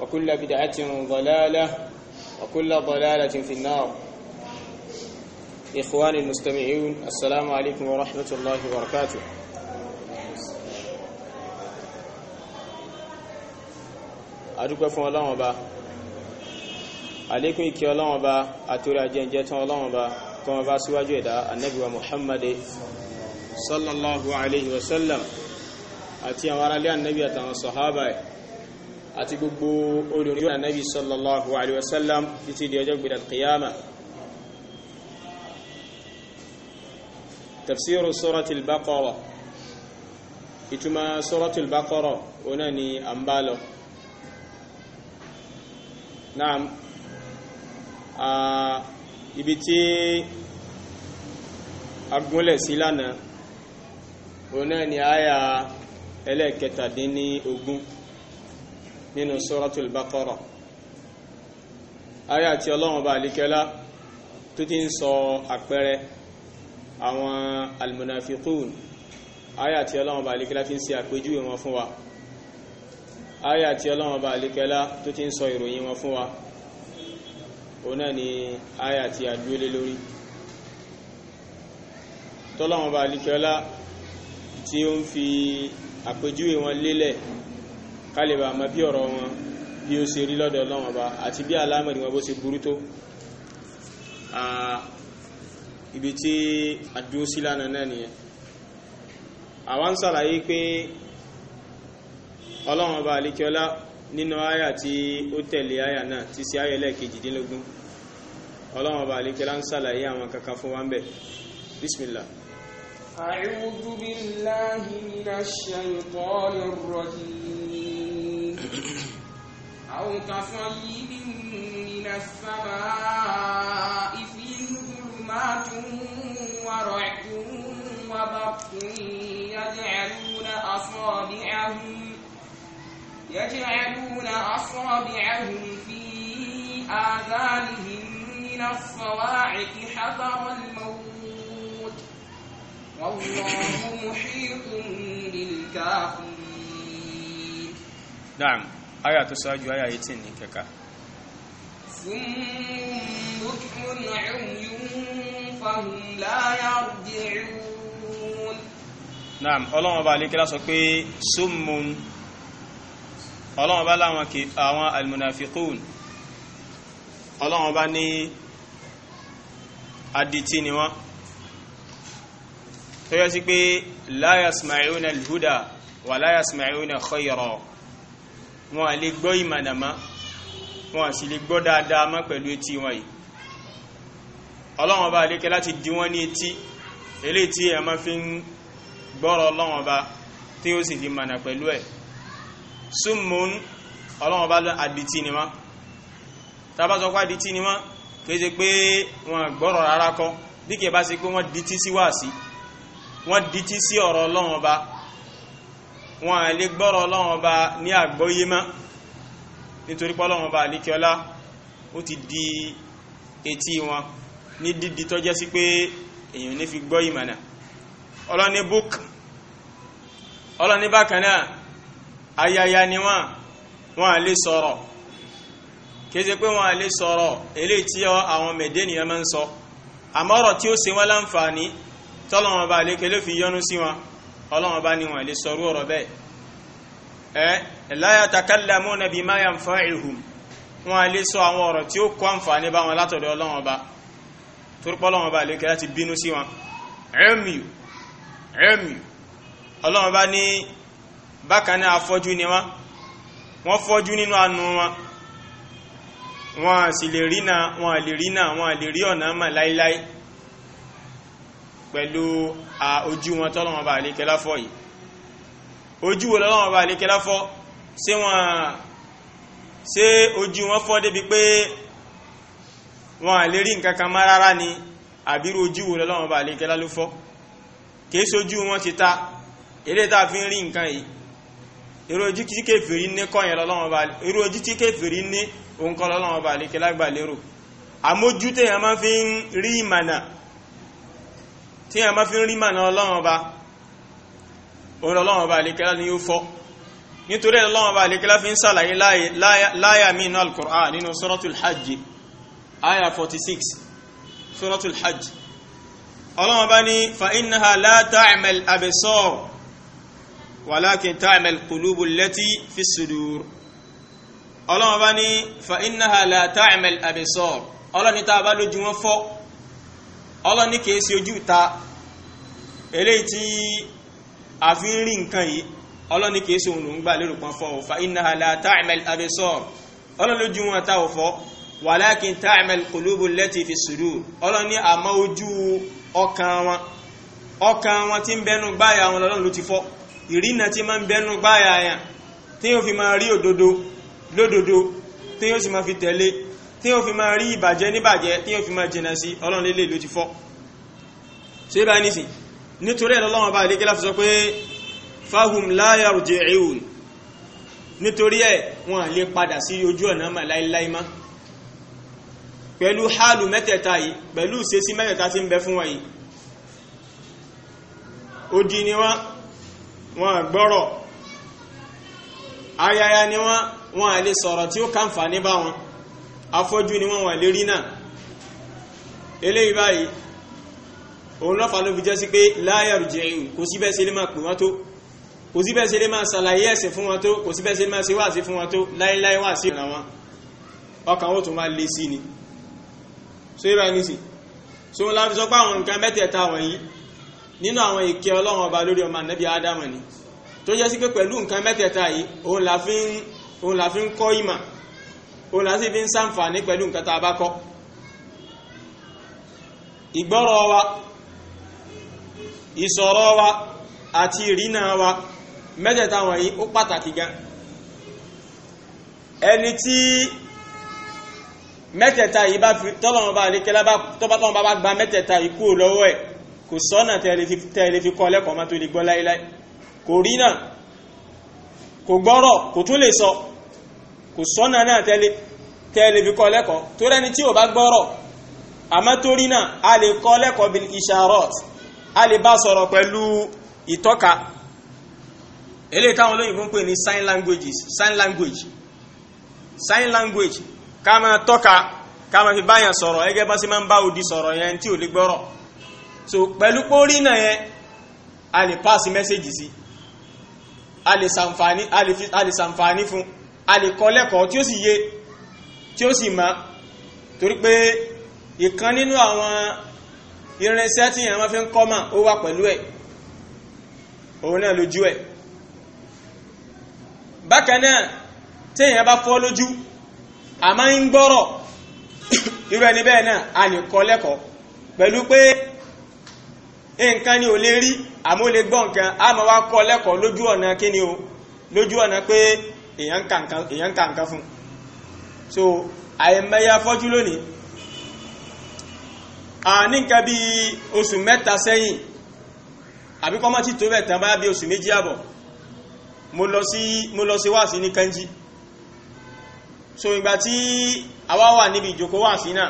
وكل بدعة ضلالة وكل ضلالة في النار إخواني المستمعون السلام عليكم ورحمة الله وبركاته adúpẹ́ fún ọlọ́wọ́n ba alékún ìkẹ́ ọlọ́wọ́n ba àtòrí àjẹ́jẹ́ tán ọlọ́wọ́n ba kọ́ wọn bá síwájú ẹ̀dá annabiwa muhammadi sallallahu alaihi wasallam àti àwọn aráalé annabi àtàwọn sọ̀hábà ẹ̀ àti gbogbo olùrí ọ̀nà nabi sallallahu alaihi wasallam títí di ọjọ́ gbìdà kìyàmà tafsiru suratul baqara ìtumọ̀ suratul baqara ọ̀nà ni a ń bá lọ naam ibi tí agúnlẹ̀ sí lánàá ọ̀nà ni àyà ẹlẹ́ẹ̀kẹtàdínní ogún nínú suratul baqara ayé àti ọlọ́run bá àlíkẹ́lá tó ti ń sọ àpẹẹrẹ àwọn almunafiqun ayé àti ọlọ́run bá àlíkẹ́lá fi ń ṣe àpèjúwe wọn fún wa ayé àti ọlọ́run bá àlíkẹ́lá tó ti ń sọ ìròyìn wọn fún wa òun náà ni ayé àti àdúrólé lórí tọ́lọ́run bá àlíkẹ́lá tí ó ń fi àpèjúwe wọn lélẹ̀ kálíbà àmọ́ bí ọ̀rọ̀ wọn bí ó ṣe rí lọ́dọ̀ Ọlọ́run Ọba àti bí alámọ̀rí wọn bó ṣe burú tó ibi tí àdúró sí lánàá náà nìyẹn àwa ń sàlàyé pé Ọlọ́run Ọba àlékiọlá nínú àyà tí ó tẹ̀lé àyà náà ti ṣe àyà ẹlẹ́ẹ̀kejìdínlógún Ọlọ́run Ọba àlékiọlá ń sàlàyé àwọn kankan fún wa ń bẹ̀ bísmìlá. أعوذ بالله من الشيطان الرجيم أو كصيب من السماء فيه ظلمات ورعد وبرق يجعلون أصابعهم يجعلون أصابعهم في آذانهم من الصواعق حذر الموت والله محيط بالكافرين نعم aya tó ṣáájú aya 18 ní kẹka naam ọlọ́wọ́n bá alékẹ́lá sọ pé summun ọlọ́wọ́n bá láwọn àwọn almunafiqun ọlọ́wọ́n bá ní adití ni wọ́n tó yẹ sí la yasma'una alhuda wa la yasma'una khayra wọn à lè gbọ́ ìmànàmá wọn à sì lè gbọ́ dáadáa mọ́ pẹ̀lú etí wọn yìí ọlọ́run ọba àlékẹ́ láti di wọ́n ní etí eléyìí tí ẹ̀ máa fi ń gbọ́rọ̀ ọlọ́run ọba tí ó sì fi mànà pẹ̀lú ẹ̀ súnmùn ọlọ́run ọba àdìtì ni wọ́n tábà sọ pé àdìtì ni wọ́n kì í ṣe pé wọ́n gbọ́rọ̀ rárá kọ́ bí kì bá ṣe pé wọ́n dìtì sí wáàsí wọ́n dìtì sí ọ̀rọ̀ ọlọ́run ọba wọn lè gbọ́rọ̀ ọlọ́run ọba ní àgbọ́yé mọ́ nítorí pé ọlọ́run ọba àlékiọlá ó ti di etí wọn ní dídi tó jẹ́ sí pé èèyàn ní fi gbọ́ ìmọ̀nà ọlọ́ni book ọlọ́ni bákan ayaya ni wọ́n wọ́n lè sọ̀rọ̀ kéèsè pé wọ́n lè sọ̀rọ̀ eléyìí tí àwọn mẹ̀dẹ́nìyàn máa ń sọ àmọ́rọ̀ tí ó ṣe wọ́n láǹfààní tọ́lọ́run ọba àlékiọlá fi yọ́nú sí wọn ọlọ́run bá ní wọn lè sọrú ọ̀rọ̀ bẹ́ẹ̀ ẹ la yatakallamuna bima yanfa'uhum wọn lè sọ àwọn ọ̀rọ̀ tí ó kó àǹfààní bá wọn látọ̀dọ̀ ọlọ́run ọba torípọ̀ ọlọ́run ọba lè kẹ́ láti bínú sí wọn ẹ̀mìú ẹ̀mìú ọlọ́run bá ní bákan náà afọ́jú ni wọn wọn fọ́jú nínú àánú wọn wọn sì lè rí náà wọn lè rí náà wọn lè rí ọ̀nà mọ̀ láíláí pẹ̀lú ojú wọn tọ́lọ́wọ́n bá lè kẹlá fọ́ yìí ojú wọn lọ́wọ́n bá lè kẹlá fọ́ ṣé wọn ṣé ojú wọn fọ́ débi pé wọn à lè rí nǹkan kan má rárá ni àbírú ojú wọn lọ́wọ́n bá lè kẹlá ló fọ́ kìí ṣojú wọn ti ta eré tá a fi ń rí nǹkan yìí irú ojú tí kèfèrí ní kọ́yìn lọ́wọ́n bá irú ojú tí kèfèrí ní òǹkọ́ lọ́wọ́n bá lè kẹlá gbà lérò àmójútẹ̀yàn máa fi ń rí ìmànà tí a máa fi ń rí mànà ọlọ́run ọba òun ọlọ́run ọba àlékẹ́lá ni yóò fọ́ nítorí ọlọ́run ọba àlékẹ́lá fi ń sàlàyé láyà mí inú al-Qur'an nínú suratul hajj aya 46 suratul hajj ọlọ́run ọba ní fa innaha la ta'mal absar walakin ta'mal qulubu allati fi sudur ọlọ́run ọba ní fa innaha la ta'mal absar ọlọ́run ní tá a bá lójú wọn fọ́ ọlọ́ni kìí ṣe ojú ìta eléyìí tí a fi ń rí nǹkan yìí ọlọ́ni kìí ṣe òun ló ń gbà lérò pọ́n fọ́ òfa innaha la ta'mal absar ọlọ́ni ojú wọn ta òfọ́ walakin ta'mal qulubu allati fi sudur ọlọ́ni àmọ́ ojú ọkàn wọn ọkàn wọn ti ń bẹnu gbáyà wọn lọ́lọ́run ló ti fọ́ ìrìnà ti máa ń bẹnu gbáyà yẹn tí yóò fi máa rí òdodo lódodo tí yóò sì máa fi tẹ̀lé tí yóò fi máa rí ìbàjẹ́ níbàjẹ́ tí yóò fi máa jìnà sí ọlọ́run lélẹ̀ ló ti fọ́ ṣe bá ní sí nítorí ẹ̀ lọ́wọ́n bá lékè láti sọ pé fahum la yarji'un nítorí ẹ̀ wọ́n lè padà sí ojú ọ̀nà mà láíláí má pẹ̀lú hálù mẹ́tẹ̀ẹ̀ta yìí pẹ̀lú ìṣesí mẹ́tẹ̀ẹ̀ta tí ń bẹ fún wọn yìí odi ni wọ́n wọ́n gbọ́rọ̀ ayaya ni wọ́n wọ́n lè sọ̀rọ̀ tí ó kàǹfà ní bá wọn afọ́jú ni wọ́n wà lérí náà eléyìí báyìí òun lọ́fà ló fi jẹ́ sí pé láyàrù jẹ́yìn kò sí bẹ́ẹ̀ ṣe lè máa pè wọ́n tó kò sí bẹ́ẹ̀ ṣe lè máa ṣàlàyé ẹ̀sìn fún wọn tó kò sí bẹ́ẹ̀ ṣe lè máa ṣe wáàsí fún wọn tó láíláí wáàsí ìrìnà wọn ọkàn wọn tó máa le sí ni so yíra ní sí so wọn láfi sọ pé àwọn nǹkan mẹ́tẹ̀ẹ̀ta wọ̀nyí nínú àwọn ìkẹ́ ọlọ́run ọba lórí ọmọ ànábì ádámù ni tó jẹ́ sí pé pẹ̀lú nǹkan mẹ́tẹ̀ẹ̀ta yìí òun la fi ń kọ́ ìmọ̀ òun la sì fi ń sàǹfààní pẹ̀lú nǹkan tá a bá kọ́ ìgbọ́rọ̀ wa ìsọ̀rọ̀ wa àti ìrìnà wa mẹ́tẹ̀ẹ̀ta wọ̀nyí ó pàtàkì gan ẹni tí mẹ́tẹ̀ẹ̀ta yìí bá fi tọ́lọ́wọ́n bá àríkẹ́lá bá tọ́bátọ́wọ́n bá bá gba mẹ́tẹ̀ẹ̀ta yìí kúrò lọ́wọ́ ẹ̀ kò sọ́nà tẹ́ẹ̀lẹ́ fi kọ́ lẹ́kọ̀ọ́ má tó lè gbọ́ láíláí kò rí náà kò gbọ́rọ̀ kò tún lè sọ so kò sọ́nà náà tẹ́lẹ̀ tẹ́lẹ̀ fi kọ́ lẹ́kọ̀ọ́ tó rẹ́ni tí ò bá gbọ́rọ̀ àmọ́ torí náà a lè kọ́ lẹ́kọ̀ọ́ bil isharat a lè bá sọ̀rọ̀ pẹ̀lú ìtọ́ka eléyìí táwọn olóyìnbó ń pè ní sign languages sign language sign language ká máa tọ́ka ká máa fi báyàn sọ̀rọ̀ gẹ́gẹ́ bá sí máa ń bá òdi sọ̀rọ̀ yẹn tí ò lè gbọ́rọ̀ so pẹ̀lú pórí náà yẹn a lè pass message sí a lè ṣàǹfààní fún a lè kọ́ lẹ́kọ̀ọ́ tí ó sì yé tí ó sì ma torí pé ìkan nínú àwọn irinṣẹ́ tí ìyàn fi ń kọ́ mà ó wà pẹ̀lú ẹ̀ òun náà lójú ẹ̀ bákan náà tí èyàn bá fọ́ lójú a máa ń gbọ́rọ̀ irú ẹni bẹ́ẹ̀ náà a pẹ̀lú pé nǹkan ni ò lè rí àmọ́ lè gbọ́ nǹkan a máa wá kọ́ lẹ́kọ̀ọ́ lójú ọ̀nà kíni o lójú ọ̀nà pé èèyàn kà nǹkan fún so àìmẹyẹ afọ́jú lónìí a ní nǹkan bí oṣù mẹ́ta sẹ́yìn àbí kọ́ mọ́ tí tó bẹ̀ tán bá bí oṣù méjì àbọ̀ mo lọ sí mo lọ sí wáàsí ní kanji so ìgbà tí àwa wà níbi ìjòkó wáàsí náà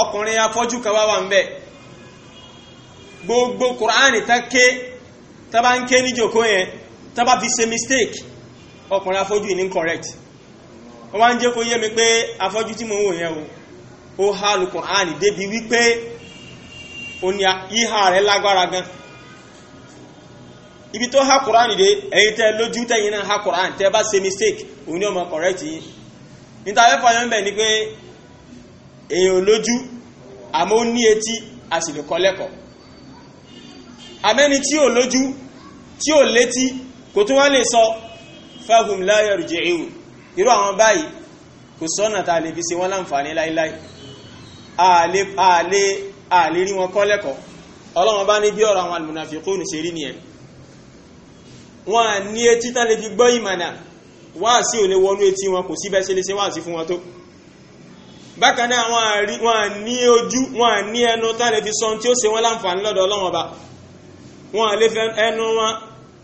ọkùnrin afọ́jú kan wá wà ń bẹ̀ gbogbo kùránì tán ké tán bá ń ké ní jòkó yẹn fi ṣe mistake ọkùnrin afọ́jú yìí correct wọ́n wá ń jẹ́ kó yé mi pé afọ́jú tí mo ń wò yẹn o ó há Al-Kùránì débi wípé ìhà ibi tó há Kùránì dé ẹ̀yin tẹ́ lójú tẹ́yìn náà há Kùránì tẹ́ bá mistake òun ni ọmọ correct yìí níta fẹ́ fọyọ́ ń bẹ̀ ni pé èèyàn lójú àmọ́ ó abẹ́ni tí ò lójú tí ò létí kò tún wá lè sọ fahum la yarji'un irú àwọn báyìí kò sọ́nà tá a lè fi ṣe wọ́n láǹfààní láíláí àlè rí wọn kọ́ lẹ́kọ̀ọ́ ọlọ́wọ́n bá ní bí ọ̀rọ̀ àwọn almunafiqun ṣe rí nìyẹn wọn à ní etí tán lè fi gbọ́ ìmọ̀nà wáàsí ò lè wọnú etí wọn kò síbẹ̀ ṣe lè ṣe wáàsí fún wọn tó bákan náà wọn ní ojú wọn ní ẹnu tán lè fi sọ ohun tí ó ṣe wọn láǹfààní lọ́dọ̀ ọlọ́wọ́n bá wọn lè fẹ́ ẹnu wọn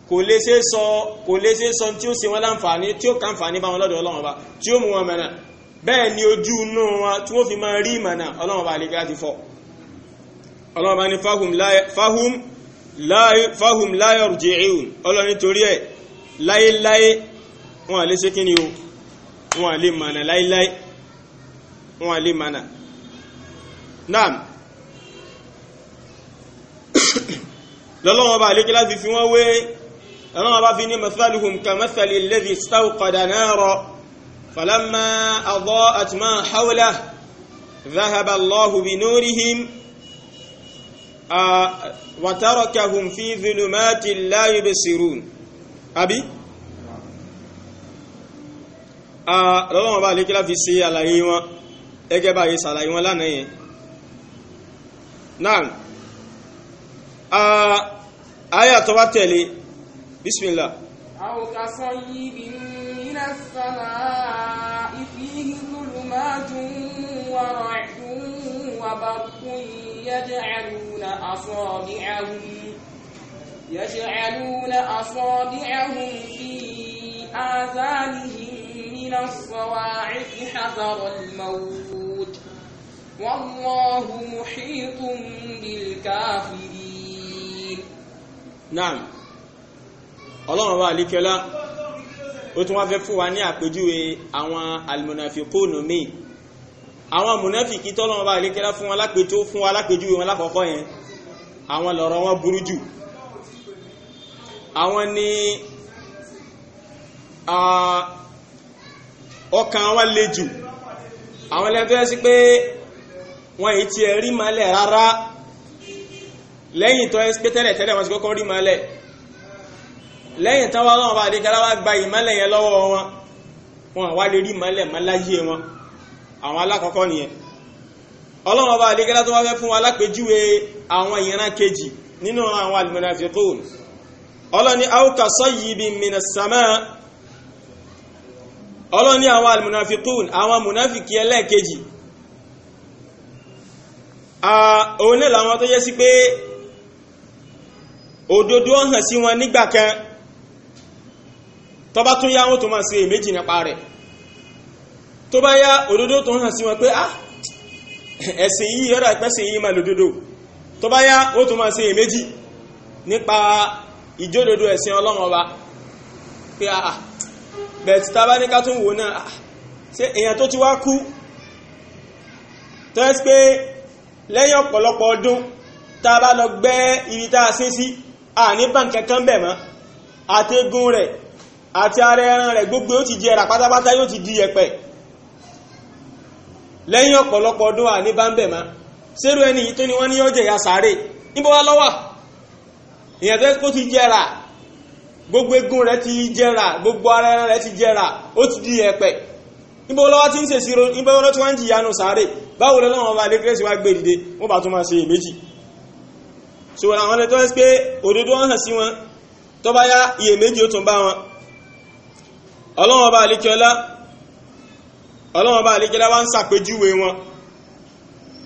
kò lè ṣe sọ kò lè ṣe sọ tí ó ṣe wọn láǹfààní tí ó kàǹfààní bá wọn lọ́dọ̀ ọlọ́run ọba tí ó mú wọn mẹ́nà bẹ́ẹ̀ ni ojú inú wọn tí wọ́n fi máa rí ìmọ̀nà ọlọ́run ọba àlejò láti fọ́ ọlọ́run ọba ní fahum láyé fahum láyé fahum láyé ọ̀rùjẹ̀ẹ́hùn ọlọ́run nítorí ẹ̀ láyéláyé wọn lè ṣe kíni o wọn lè mọ̀nà láyéláyé wọn lè mọ̀nà. naam lọ́lọ́wọ́ bá lè kí láti fi wọ́n wé ọlọ́wọ́ bá fi ní masaluhum ka masali alladhi istawqada nara falamma adha'at ma hawlahu dhahaba Allahu bi nurihim wa tarakahum fi dhulumatin la yubsirun àbí lọ́lọ́wọ́ bá lè kí láti ṣe àlàyé wọn ẹgẹ́ bá yẹ ṣàlàyé wọn lánàá yẹn آه، آية تواتلي بسم الله أو كصيب من السماء فيه ظلمات ورعد وبرق يجعلون أصابعهم يجعلون أصابعهم في آذانهم من الصواعق حذر الموت والله محيط بالكافرين náà ọlọ́run wa alikiola ó tún wá fẹ́ fún wa ní àpèjúwe àwọn almunafikóònù míì àwọn munafiki tọ́lọ́run wa alikiola fún wa lápèjú fún wa lápèjúwe wọn lákọ̀ọ́kọ́ yẹn àwọn lọ̀rọ̀ wọn burú jù àwọn ni ọkàn wọn le jù àwọn lẹ́fẹ́ sí pé wọ́n yìí ti ẹ̀rí malẹ̀ rárá lẹ́yìn tó ẹ́ pé tẹ́lẹ̀ tẹ́lẹ̀ wọ́n ti kọ́kọ́ rí mọ́lẹ̀ lẹ́yìn tán wá lọ́wọ́ bá dé gba ìmọ́lẹ̀ yẹn lọ́wọ́ wọn wọn wá lè rí mọ́lẹ̀ mọ́láyé wọn àwọn alákọ̀ọ́kọ́ nìyẹn ọlọ́wọ́ bá dé kẹ́lá tó wá fẹ́ fún wa lápèjúwe àwọn ìran kejì nínú àwọn almunafiqun ọlọ́ni ọlọ́ni àwọn àwọn ẹlẹ́ẹ̀kejì òun náà làwọn tó yẹ sí pé òdodo hàn sí wọn nígbà kan tó bá tún yá wọn tó máa ṣe èméjì nípa rẹ̀ tó bá yá òdodo tó hàn sí wọn pé ah ẹ̀sìn yìí ọ̀rọ̀ ìpẹ́sìn yìí máa lòdodo tó bá yá ó tún máa ṣe èméjì nípa ìjódodo ẹ̀sìn ọlọ́run ọba pé àà ah, ah, bẹ̀ẹ̀tì tàbá ní ká tún wò náà ah, ṣe èyàn tó ti wá kú tó ẹ́ pé lẹ́yìn ọ̀pọ̀lọpọ̀ ọdún tàbá lọ gbẹ́ ibi tá a sin sí àní báǹkì kan bẹ̀ mọ́ àtẹ̀gùn rẹ̀ àti ara ẹran rẹ̀ gbogbo yóò ti di ẹ̀rà pátápátá yóò ti di ẹ̀pẹ̀ lẹ́yìn ọ̀pọ̀lọpọ̀ ọdún àní bá ń bẹ̀ mọ́ sẹ́rù ẹni yìí tó ni wọ́n ní ọjẹ̀ ya sáré níbo wá lọ́wọ́ ìyẹn tó kó ti jẹrà gbogbo egun rẹ̀ ti jẹrà gbogbo ara ẹran rẹ̀ ti jẹrà ó ti di ẹ̀pẹ̀ níbo lọ́wọ́ ti ń ṣèṣirò níbo lọ́wọ́ tí wọ́n ń jìyà sáré báwo lọ́wọ́ wọn so àwọn ẹni tó ń pé òdodo wọn hàn sí wọn tó bá yá iyèméjì ó tún bá wọn ọlọ́run ọba àlékiọlá ọlọ́run ọba àlékiọlá wá ń ṣàpèjúwe wọn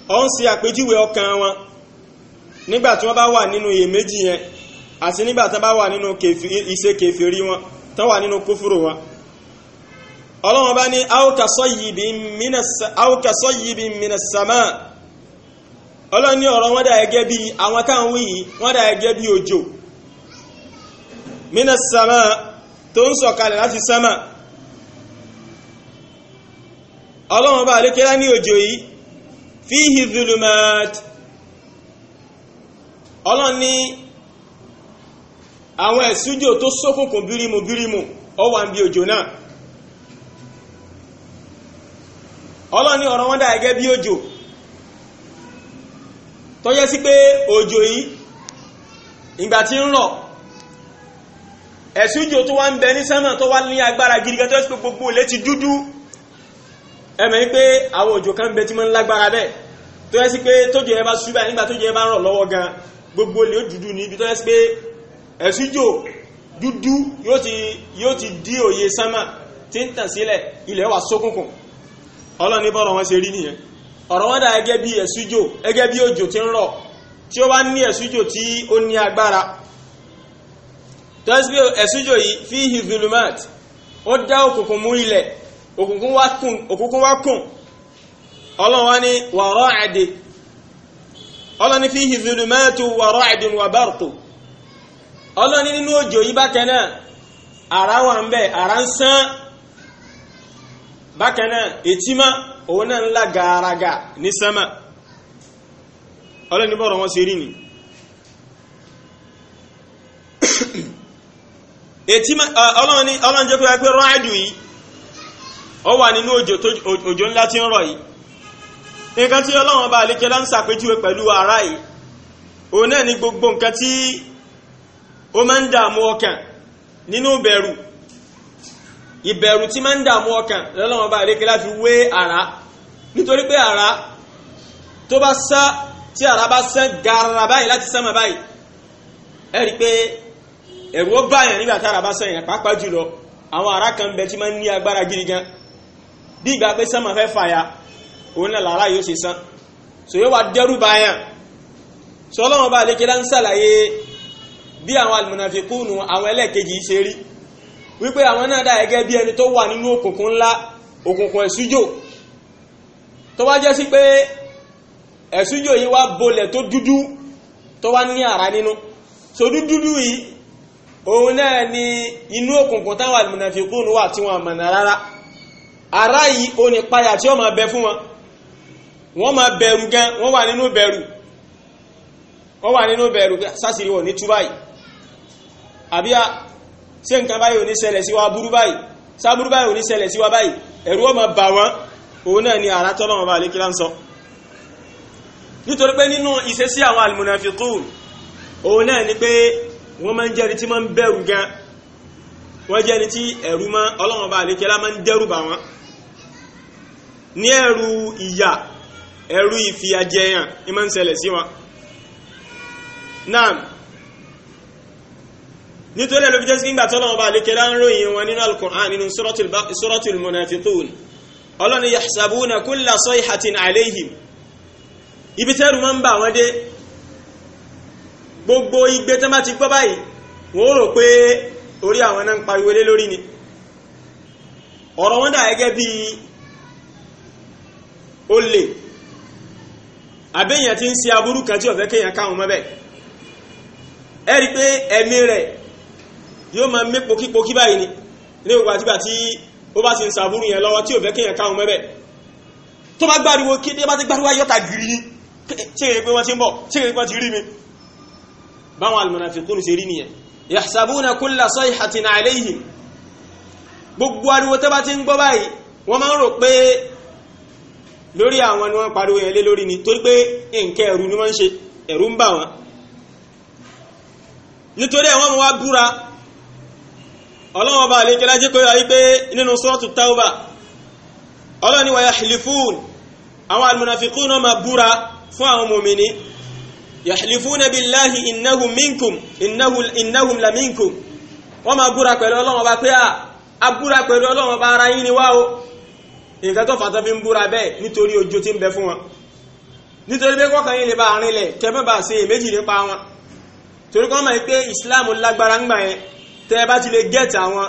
ọ ń ṣe àpèjúwe ọkàn wọn nígbà tí wọ́n bá wà nínú iyèméjì yẹn àti nígbà tí wọ́n bá wà nínú ìṣe kèfèrí wọn tán wà nínú kúfúrò wọn ọlọ́run ọba ní aw kasayibin minas aw kasayibin ọlọ́run ní ọ̀rọ̀ wọ́n dà gẹ́gẹ́ bí àwọn táwọn wí yìí wọ́n dà gẹ́gẹ́ bí òjò mina sama tó ń sọ̀kalẹ̀ láti sama ọlọ́run bá lékelá ní òjò yìí fihi zulumat ọlọ́run ní àwọn ẹ̀sùjò tó ṣókùnkùn bírímù bírímù ó wà ń bí òjò náà ọlọ́run ní ọ̀rọ̀ wọ́n dà gẹ́gẹ́ bí òjò tó yẹ sí pé òjò yìí ìgbà tí ń rọ̀ ẹ̀sùn òjò tó wá ń bẹ ní sánmà tó wá ní agbára gidi gan tó yẹ sí pé gbogbo ilẹ̀ ti dúdú ẹ̀mẹ̀ yìí pé àwọn òjò kan bẹ tí máa ń lágbára bẹ́ẹ̀ tó yẹ sí pé tójò yẹn bá ṣú nígbà tójò yẹn bá rọ̀ lọ́wọ́ gan gbogbo ilẹ̀ dúdú níbi tó yẹ sí pé ẹ̀sùn òjò dúdú yóò ti dí òye sánmà tí ń tàn sílẹ̀ ilẹ̀ wà ṣókùnkùn ọlọ́ni bọ́rọ̀ wọn ṣe rí nìyẹn ọ̀rọ̀ wọn dà gẹ́gẹ́ bí ẹ̀sújò gẹ́gẹ́ bí òjò tí ń rọ̀ tí ó bá ní ẹ̀sújò tí ó ní agbára tọ́sí ẹ̀sújò yìí fi hizulumat ó dá òkùnkùn mú ilẹ̀ òkùnkùn wá kùn ọlọ́wọ́ ni wa ọlọ́ni onan náà ńlá gàràgà ní sánmà ọlọ́ni ni ètí ọlọ́ni ọlọ́ni jẹ́ pé ráàdù yìí ó wà nínú òjò ńlá tí ń rọ̀ yìí nǹkan tí ọlọ́run ọba àlékẹ́ lá ń sàpéjúwe pẹ̀lú ara yìí ni gbogbo nǹkan da mu okan ninu ìbẹ̀rù tí máa ń dààmú ọkàn lọ́lọ́wọ́n bá àríkẹ́ láti wé ara nítorí pé ara tó bá sá tí ara bá sán gàrà báyìí láti sánmà báyìí ẹ rí i pé ẹ̀rù ó báyàn nígbà tára bá sán yẹn pàápàá jùlọ àwọn ara kan bẹ tí máa ń ní agbára gidi gan bí ìgbà pé sánmà fẹ́ fàya òun náà làárá yóò ṣe sán so yóò wá dẹ́rù báyàn sọlọ́wọ́n bá àríkẹ́ láti sàlàyé bí àwọn almunafiqun àwọn ẹlẹ́ẹ̀kejì ṣe wípé àwọn náà dà gẹ́gẹ́ bí ẹni tó wà nínú òkùnkùn ńlá òkùnkùn ẹ̀sújò tó wá jẹ́ sí pé ẹ̀sújò yìí bolẹ̀ tó dúdú tó wá ní àrá nínú so dúdú yìí òun náà ni inú òkùnkùn táwọn àlùmọ̀nàfikún wà tí wọ́n mọ̀nà rárá àrá yìí ó ní páyà tí ó máa bẹ fún wọn wọ́n máa bẹ̀rù gan wọ́n wà nínú bẹ̀rù wọ́n wà nínú bẹ̀rù sásìrí wọn ní túbáyì àbí ṣé nǹkan báyìí ò ní ṣẹlẹ̀ sí wa burú báyìí sáburú báyìí ò ní ṣẹlẹ̀ sí wa báyìí ẹ̀rú ọmọ bà wọ́n òun náà ni àrà tọ́lọ́mọ bá lékílá ń sọ nítorí pé nínú ìṣesí àwọn almunafiqun òun náà ni pé wọ́n máa ń jẹ́ni tí máa ń bẹ̀rù gan wọ́n jẹ́ni tí ẹ̀rú máa ọlọ́mọ bá lékílá máa ń dẹ́rù bà wọ́n ní ẹ̀rù ìyà ẹ̀rù ìfìyàjẹyàn ni máa ń ṣẹlẹ̀ sí wọn náà nítorí ẹ̀lú fíjẹ́sí nígbà tí ọlọ́run bá lékẹ́ láńròyìn wọn nínú al-Qur'an nínú suratul munafiqun ọlọ́run yahsabuna kulla sayhatin alayhim ibi tẹ́rù máa ń bà wọ́n dé gbogbo igbe tán bá ti gbọ́ báyìí wọ́n rò pé orí àwọn náà ń pariwo lórí ni ọ̀rọ̀ wọn dà gẹ́gẹ́ bí olè àbẹ́yàn ti ń ṣe aburú kan tí ó kéèyàn káwọn mọ́bẹ̀ ẹ rí pé ẹ̀mí rẹ̀ yóò máa mé pokípokí báyìí ni ní gbogbo àtìgbà tí ó bá ti ń sàbúrú yẹn lọ́wọ́ tí ò fẹ́ kéèyàn káwọn mẹ́bẹ̀ tó bá gbáriwo kí ní bá ti gbáriwo ayọ́ta gírí ní ṣe èrè pé wọ́n ti ń bọ̀ ṣe èrè pé wọ́n ti rí mi báwọn almunafiqun ṣe rí nìyẹn yahsabuna kulla sayhatin alayhim gbogbo ariwo tó bá ti ń gbọ́ báyìí wọ́n máa ń rò pé lórí àwọn ni wọ́n pariwo yẹn lé lórí ni torí pé nǹkan ẹ̀rù ni wọ́n ń ṣe ẹ̀rù ń bà wọ́n nítorí ẹ̀ wọ́n mú wá búra ọlọ́wọ́n bá lè kẹ́lá jẹ́ kó yà wípé nínú sọ́ọ̀tù tauba ọlọ́ni wa yahlifun àwọn almunafikun náà máa búra fún àwọn mòmìnì yahlifuna billahi innahum minkum innahum la minkum wọ́n máa búra pẹ̀lú ọlọ́wọ́n bá pé ah, a búra pẹ̀lú ọlọ́wọ́n bá ara yín ni wá o nǹkan tó fàtọ́ fi ń búra bẹ́ẹ̀ nítorí ojú tí ń bẹ fún wọn nítorí pé kọ́kàn yín lè bá àárín lẹ̀ kẹ́mẹ́bà sí èméjì nípa wọn torí kọ́ máa pé ìsìláàmù lágbára ń gbà yẹn tẹ́ ẹ bá ti lè gẹ́ẹ̀tì àwọn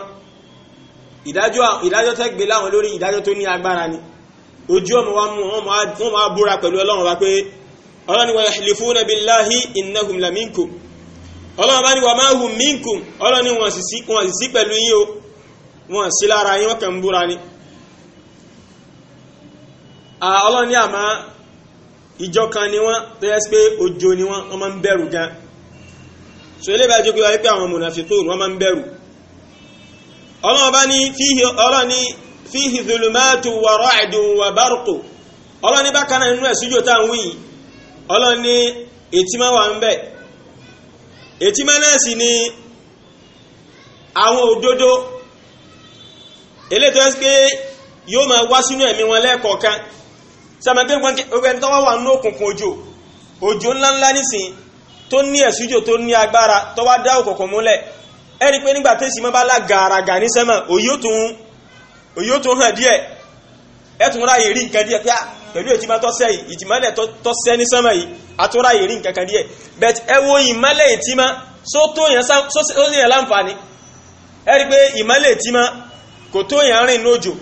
ìdájọ́ ìdájọ́ tẹ́ gbé láwọn lórí ìdájọ́ tó ní agbára ni ojú ọmọ wa mú wọn máa búra pẹ̀lú ọlọ́run wa pé ọlọ́run ni wa yahlifuna billahi innahum la minkum ọlọ́run bá ní wa ma hum minkum ọlọ́run ni wọ́n sì sí pẹ̀lú yín o wọ́n sí lára yín wọ́n kàn ń búra ni ọlọ́run ní àmọ́ ìjọ kan ni wọ́n tó yẹ pé òjò ni wọ́n máa ń bẹ̀rù gan-an so ilé bá jókòó wáyé pé àwọn munafiqun wọ́n máa ń bẹ̀rù ọlọ́run bá ní fíhì ọlọ́run ní fíhì zulumatu wa ra'dun wa barqu ọlọ́run ní bákan náà nínú ẹ̀sùn jòtá ń wíyì ọlọ́run ní wà ń bẹ̀ tó ní ẹ̀sùjò tó ní agbára tó wá dá òkòkò múlẹ̀ ẹ rí i pé nígbà tó sì mọ́ bá ní sẹ́mọ̀ ó tún hàn díẹ̀ ẹ tún ráyè rí nǹkan díẹ̀ pé ah, pẹ̀lú ìtìmọ́ tó sẹ́ yìí ìtìmọ́lẹ̀ tó sẹ́ ní sẹ́mọ̀ yìí a tún ráyè rí nǹkan kan díẹ̀ bẹ́ẹ̀ ẹ wo ìmọ́lẹ̀ ìtìmọ́ só tó yẹn láǹfààní ẹ rí i pé ìmọ́lẹ̀ ìtìmọ́ kò tó yẹn rìn lójò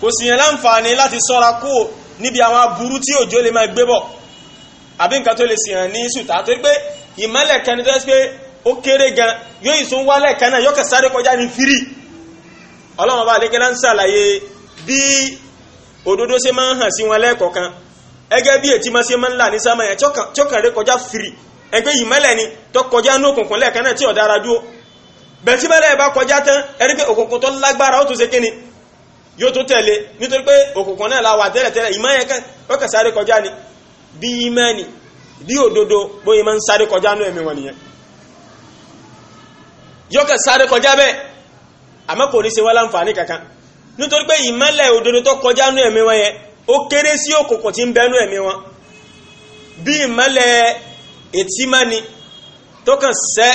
kò sì yẹn láǹfààní láti sọ́ra kúò níbi àwọn aburú tí òjò àbí nǹkan tó lè sìyàn ní sùtà torí pé ìmọ́lẹ̀ kan tó yẹ pé ó kéré gan yóò ìsún wálẹ̀ kan náà yóò kẹ̀ sáré kọjá ní firi ọlọ́run ọba àlékelá ń ṣàlàyé bí òdodo ṣe máa ń hàn sí wọn lẹ́ẹ̀kọ̀ọ̀kan ẹgẹ́ bí ètí máa ṣe máa ń là ní sámà yẹn tí ó kàn kọjá firi ẹgbẹ́ ìmọ́lẹ̀ ni tó kọjá ní òkùnkùn lẹ́ẹ̀kan náà tí dára dúró ni bí imani bí òdodo bóyá máa ń sáré kọjá náà ẹ̀mí wọn nìyẹn yọkẹ̀ sáré kọjá bẹ́ẹ̀ àmọ́ kò ní ṣe wá láǹfààní kankan nítorí pé ìmọ́lẹ̀ òdodo tó kọjá náà ẹ̀mí wọn yẹn ó kéré sí òkùnkùn tí ń bẹ́nu ẹ̀mí wọn ìmọ́lẹ̀ tó kàn sẹ́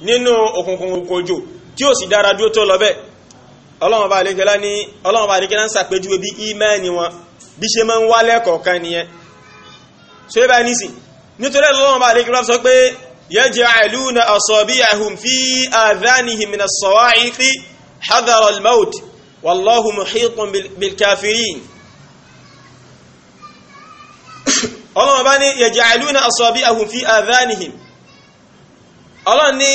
nínú òkùnkùn òkòjò tí sì dára dúró tó lọ bẹ́ẹ̀ bá àdékẹ́lá ń bí so yẹ́ báyìí nísì nítorí Ọlọ́run bá lè kí wọ́n sọ pé yaj'aluna asabi'ahum fi adhanihim min as-sawa'iqi hadhara al-maut wallahu muhitun bil kafirin Ọlọ́run bá ní yaj'aluna asabi'ahum fi adhanihim Ọlọ́run ní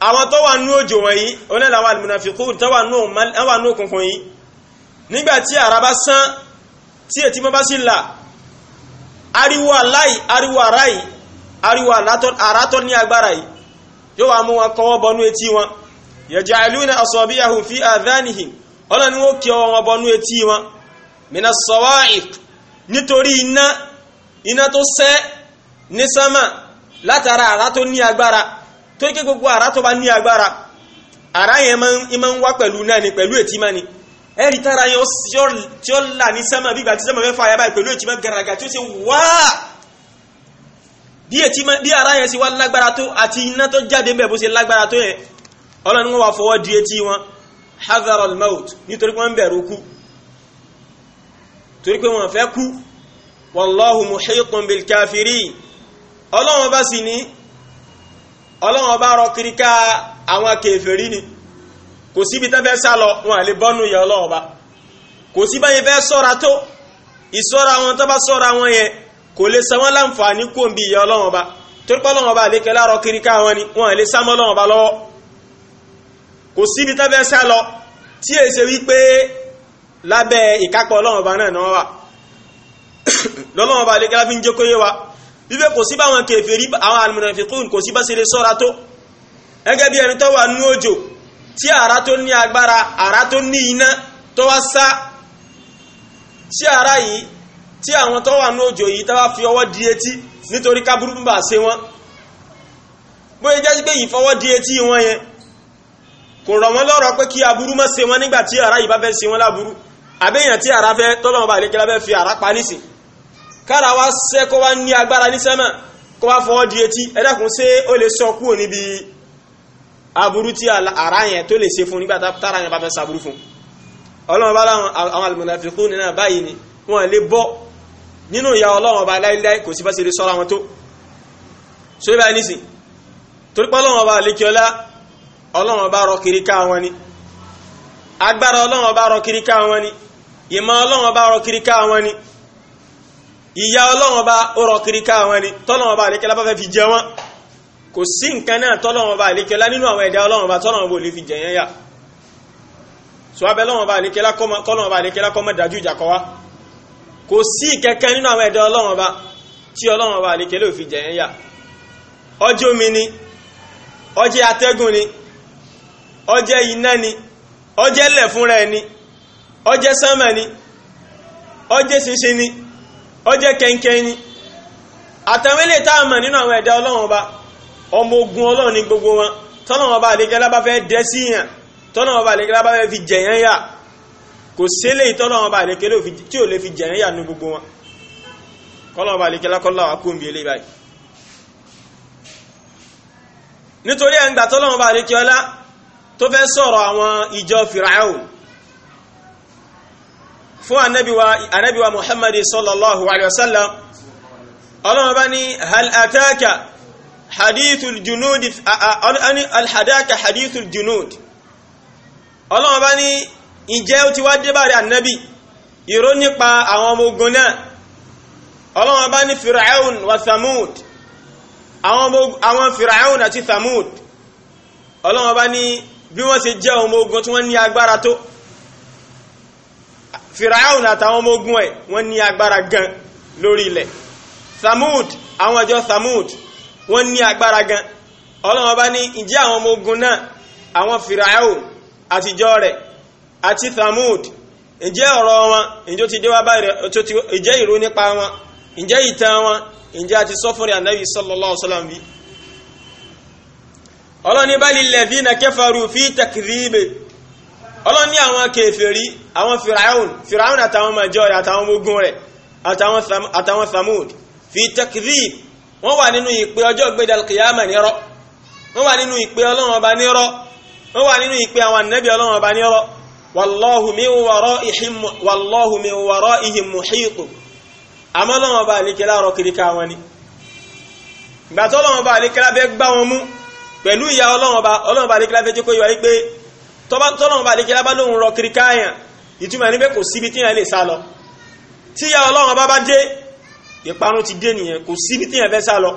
àwọn tó wà nú òjò wọ̀nyí onílàwà alìmùnàfikún mọ́ bá sí là ariwo aláì ariwo aráì ariwo àrátọ́ ní agbára yìí yóò wá mú wọn kọwọ́ bọnú etí wọn yaj'aluna asabi'ahum fi adhanihim ọlọ́ni wọ́n kí ọwọ́ wọn bọnú etí wọn mina sawa'iq nítorí iná iná tó sẹ́ ní sánmà látara ní agbára tó kí gbogbo àrátọ́ bá ní agbára àrá máa ń wá pẹ̀lú náà ni pẹ̀lú ni ẹ̀rí tára yẹn tí ó là ní sẹ́mà bí ìgbà tí sẹ́mà mẹ́fà yàbá pẹ̀lú ètí mọ́ gàràgà tí ó ṣe wá bí ètí mọ́ bí ara yẹn sì wá lágbára tó àti iná tó jáde bẹ̀ bó ṣe lágbára tó yẹn ọlọ́ni wọn wà fọwọ́ di etí wọn hazard al mouth nítorí pé wọ́n ń bẹ̀rù kú torí pé wọ́n fẹ́ kú wallahu muhitun bil kafiri ọlọ́wọ́n bá sì ní ọlọ́wọ́n bá rọ kiri ká àwọn kèfèrí ni kò síbi tán fẹ́ sá lọ wọn à lè bọ́nu ìyà ọlọ́run ba kò sí báyìí fẹ́ sọ́ra tó ìsọ́ra wọn tó bá sọ́ra wọn yẹn kò lè san wọn láǹfààní kó ń bi ìyà ọlọ́run ba torí pé ọlọ́run ba àlékẹ́ láàrọ̀ kiri ká wọn ni wọn à lè sá mọ́ ọlọ́run ba lọ́wọ́ kò síbi tán fẹ́ sá lọ tí èyí ṣe wípé lábẹ́ ìkápọ̀ ọlọ́run ba náà náà wà lọ́lọ́run ba àlékẹ́ láfi ń jókòó yé wa bíbẹ́ kò sí báwọn kèfèrí àwọn àlùmọ̀nà ìfikún kò sí bá ṣe lè sọ́ra tó gẹ́gẹ́ bí ẹni tó wà nú òjò tí àrá tó ní agbára àrá tó ní iná tó wá sá sí àrá yìí tí àwọn tó wà ní òjò yìí tó wá fi ọwọ́ di etí nítorí kábúrú ń bà ṣe wọn bóyá jẹ́ pé ìfọwọ́ di etí wọn yẹn kò rọ̀ wọ́n lọ́rọ̀ pé kí aburú má ṣe wọn nígbà tí àrá yìí bá fẹ́ ṣe wọn láburú àbẹ́yàn tí àrá fẹ́ tọ́lọ́mọba àlékelá fẹ́ fi àrá pa nísìn kára wá sẹ́ kó wá ní agbára ní sẹ́mà kó wá fọwọ́ di etí ẹ̀dàkùn ṣé ó lè sọ kúrò níbi aburú tí ara yẹn tó lè ṣe fún nígbà tára yẹn bá fẹ́ sàbúrú fún ọlọ́run bá láwọn àwọn almunafiqun náà báyìí ni wọ́n lè bọ́ nínú ìyá ọlọ́run ọba láíláí kò sí bá ṣe lè sọ́ra wọn tó so ibà nísìn torí pé ọlọ́run ọba àlékiọlá ọlọ́run ọba rọ kiri ká wọn ni agbára ọlọ́run ọba rọ kiri ká wọn ni ìmọ̀ ọlọ́run ọba rọ kiri ká wọn ni ìyá ọlọ́run ọba ó rọ kiri ká wọn ni tọ́lọ́run ọba àlékiọlá bá fẹ́ fi jẹ wọn kò sí nǹkan náà tọ́lọ́wọ́n bá àlékẹ́lá nínú àwọn ẹ̀dá ọlọ́wọ́n bá tọ́lọ́wọ́n bó lè fi jẹ̀yàn yà so abẹ́ lọ́wọ́n bá àlékẹ́lá kọ́lọ́wọ́n bá àlékẹ́lá kọ́mọ́ dájú ìjà kọ́ wá kò sí kẹ́kẹ́ nínú àwọn ẹ̀dá ọlọ́wọ́n bá tí ọlọ́wọ́n bá àlékẹ́lá ò fi jẹ̀yàn yà ọjọ́ omi ni ọjẹ́ atẹ́gùn ni ọjẹ́ iná ni ọjẹ́ lẹ̀ fúnra ẹ̀ ni ọjẹ́ sánmà ni ọjẹ́ ṣinṣin ni ọjẹ́ kẹ́ńkẹ́ ni àtàwọn eléyìí tá mọ̀ nínú àwọn ẹ̀dá ọlọ́wọ́n bá ọmọ ogun ọlọ́run ní gbogbo wọn tọ́nà ọba àdékẹ́lá bá fẹ́ dẹ́ sí yàn tọ́nà ọba àdékẹ́lá bá fẹ́ fi jẹ̀yàn yà kò sílẹ̀ ìtọ́nà ọba àdékẹ́lá tí ò lè fi jẹ̀yàn yà ní gbogbo wọn kọ́nà ọba àdékẹ́lá kọ́lá wà kó ń bi eléyìí báyìí nítorí ẹ̀ ń gbà tọ́nà ọba àdékẹ́lá tó fẹ́ sọ̀rọ̀ àwọn ìjọ fìràhùn fún anabiwa anabiwa muhammadu sallallahu alaihi wasallam ọlọ́run bá ní hal ataka hadithul junud ani alhadaka hadithul junud ọlọ́run bá ní ìjẹ́ ó ti wá débàrẹ̀ ànábì ìró nípa àwọn ọmọ ogun náà ọlọ́run bá ní firaun wa thamud àwọn firaun àti thamud ọlọ́run bá ní bí wọ́n ṣe jẹ́ ọmọ ogun tí wọ́n ní agbára tó firaun àtàwọn ọmọ ogun ẹ̀ wọ́n ní agbára gan lórí ilẹ̀ thamud àwọn ìjọ thamud wọ́n ní agbára gan ọlọ́run ọba ní ìjẹ́ àwọn ọmọ ogun náà àwọn fìràáhù àtijọ́ rẹ̀ àti thamud ǹjẹ́ ọ̀rọ̀ wọn ǹjẹ́ ó ti dé wá báyìí ǹjẹ́ ìró nípa wọn ǹjẹ́ ìtàn wọn ǹjẹ́ àti sọ́fúnrẹ́ ànábì sallallahu alaihi wasallam bí. ọlọ́ni bali ladhina kafaru fi takdhibi ọlọ́ni àwọn kèfèrí àwọn fìràáhùn fìràáhùn àtàwọn màjọ́ rẹ̀ àtàwọn ogun rẹ̀ àtàwọn thamud fi takdhibi wọ́n wà nínú ìpè ọjọ́ ìgbéda kìyàmà nírọ́ wọ́n wà nínú ìpè ọlọ́run ọba nírọ́ wọ́n wà nínú ìpè àwọn ànábì ọlọ́run ọba nírọ́ wallahu min waraihim wallahu min waraihim muhitu àmọ́ ọlọ́run ọba àlékelá rọ kiri ká wọn ni ìgbà tó ọlọ́run ọba àlékelá fẹ́ gbá wọn mú pẹ̀lú ìyá ọlọ́run ọba ọlọ́run ọba ìparun ti dé nìyẹn kò síbi tí yẹn fẹ́ sá lọ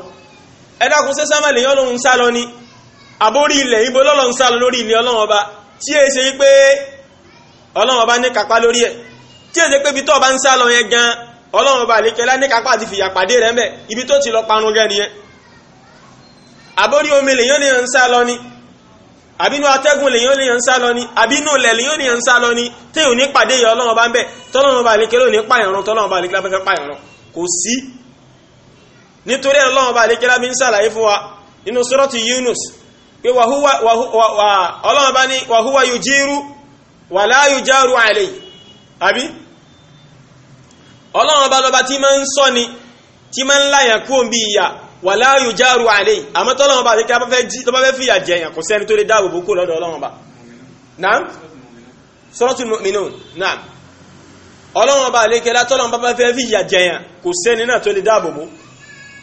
ẹ dákun ṣé sámà lèyàn lòun sá lọ ni àbórí ilẹ̀ ibo lọ́lọ́ ń sá lọ lórí ilẹ̀ ọlọ́wọ́n ọba tí èyí ṣe pé ọlọ́wọ́n ọba ní kápá lórí ẹ̀ tí èyí ṣe pé ibi tó ọba ń sá lọ yẹn gan ọlọ́wọ́n ọba àlékẹ́lá ní kápá àti fìyà pàdé rẹ̀ mẹ́ ibi tó ti lọ parun gan nìyẹn àbórí omi lèyàn lèyàn ń sá lọ ni àbínú atẹ́gùn lèyàn lèyàn ń sá lọ ni àbínú ilẹ̀ lèyàn lèyàn ń sá lọ ni téèyàn ní pàdé yẹn ọlọ́wọ́n ọba ń bẹ̀ tọ́lọ́wọ́n ọba àlékẹ́lá ò pààyàn rún tọ́lọ́wọ́n ọba àlékẹ́lá fẹ́ pààyàn rún kò sí nítorí ẹ̀ lọ́wọ́ bá lékẹ́lá bí ń sàlàyé fún wa nínú Yunus pé ọlọ́wọ́ bá ní yujiru wà la yujaru alayhi àbí ọlọ́wọ́ bá lọ́ba tí máa ń sọ ni tí ma ń láyà kú òun bí ìyà wà la yujaru alayhi àmọ́ tọ́lọ́wọ́ bá lékẹ́lá bá fẹ́ fìyà kò sẹ́ni tó lè ọlọ́run ọba àlékẹ́ látọ́lọ́run bábá fẹ́ fi ìyà jẹyàn kò sẹ́ni náà tó lè dáàbò bò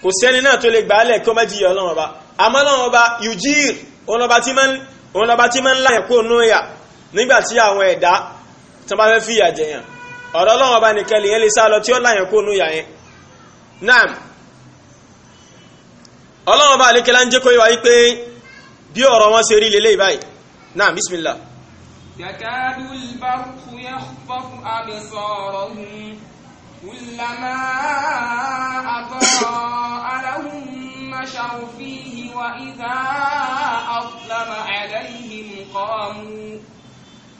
kò sẹ́ni náà tó lè gbàálẹ̀ kó má jìyà ọlọ́run ọba àmọ́ ọlọ́run ọba yujir òun lọ́ba tí máa ń láyàn kó nú ìyà nígbà tí àwọn ẹ̀dá tó bá fẹ́ fi ìyà jẹyàn ọ̀rọ̀ ọlọ́run ọba nìkan lèyẹn lè sá lọ tí ó láyàn kó nú ìyà yẹn naam ọlọ́run ọba àlékẹ́ lá ń jẹ́ kó yẹ wáyé pé bí ọ̀rọ̀ wọn ṣe rí lélẹ́yìí báyìí naam bismillah يكاد البرق يخطف أبصارهم كلما أضاء لهم مشوا فيه وإذا أظلم عليهم قاموا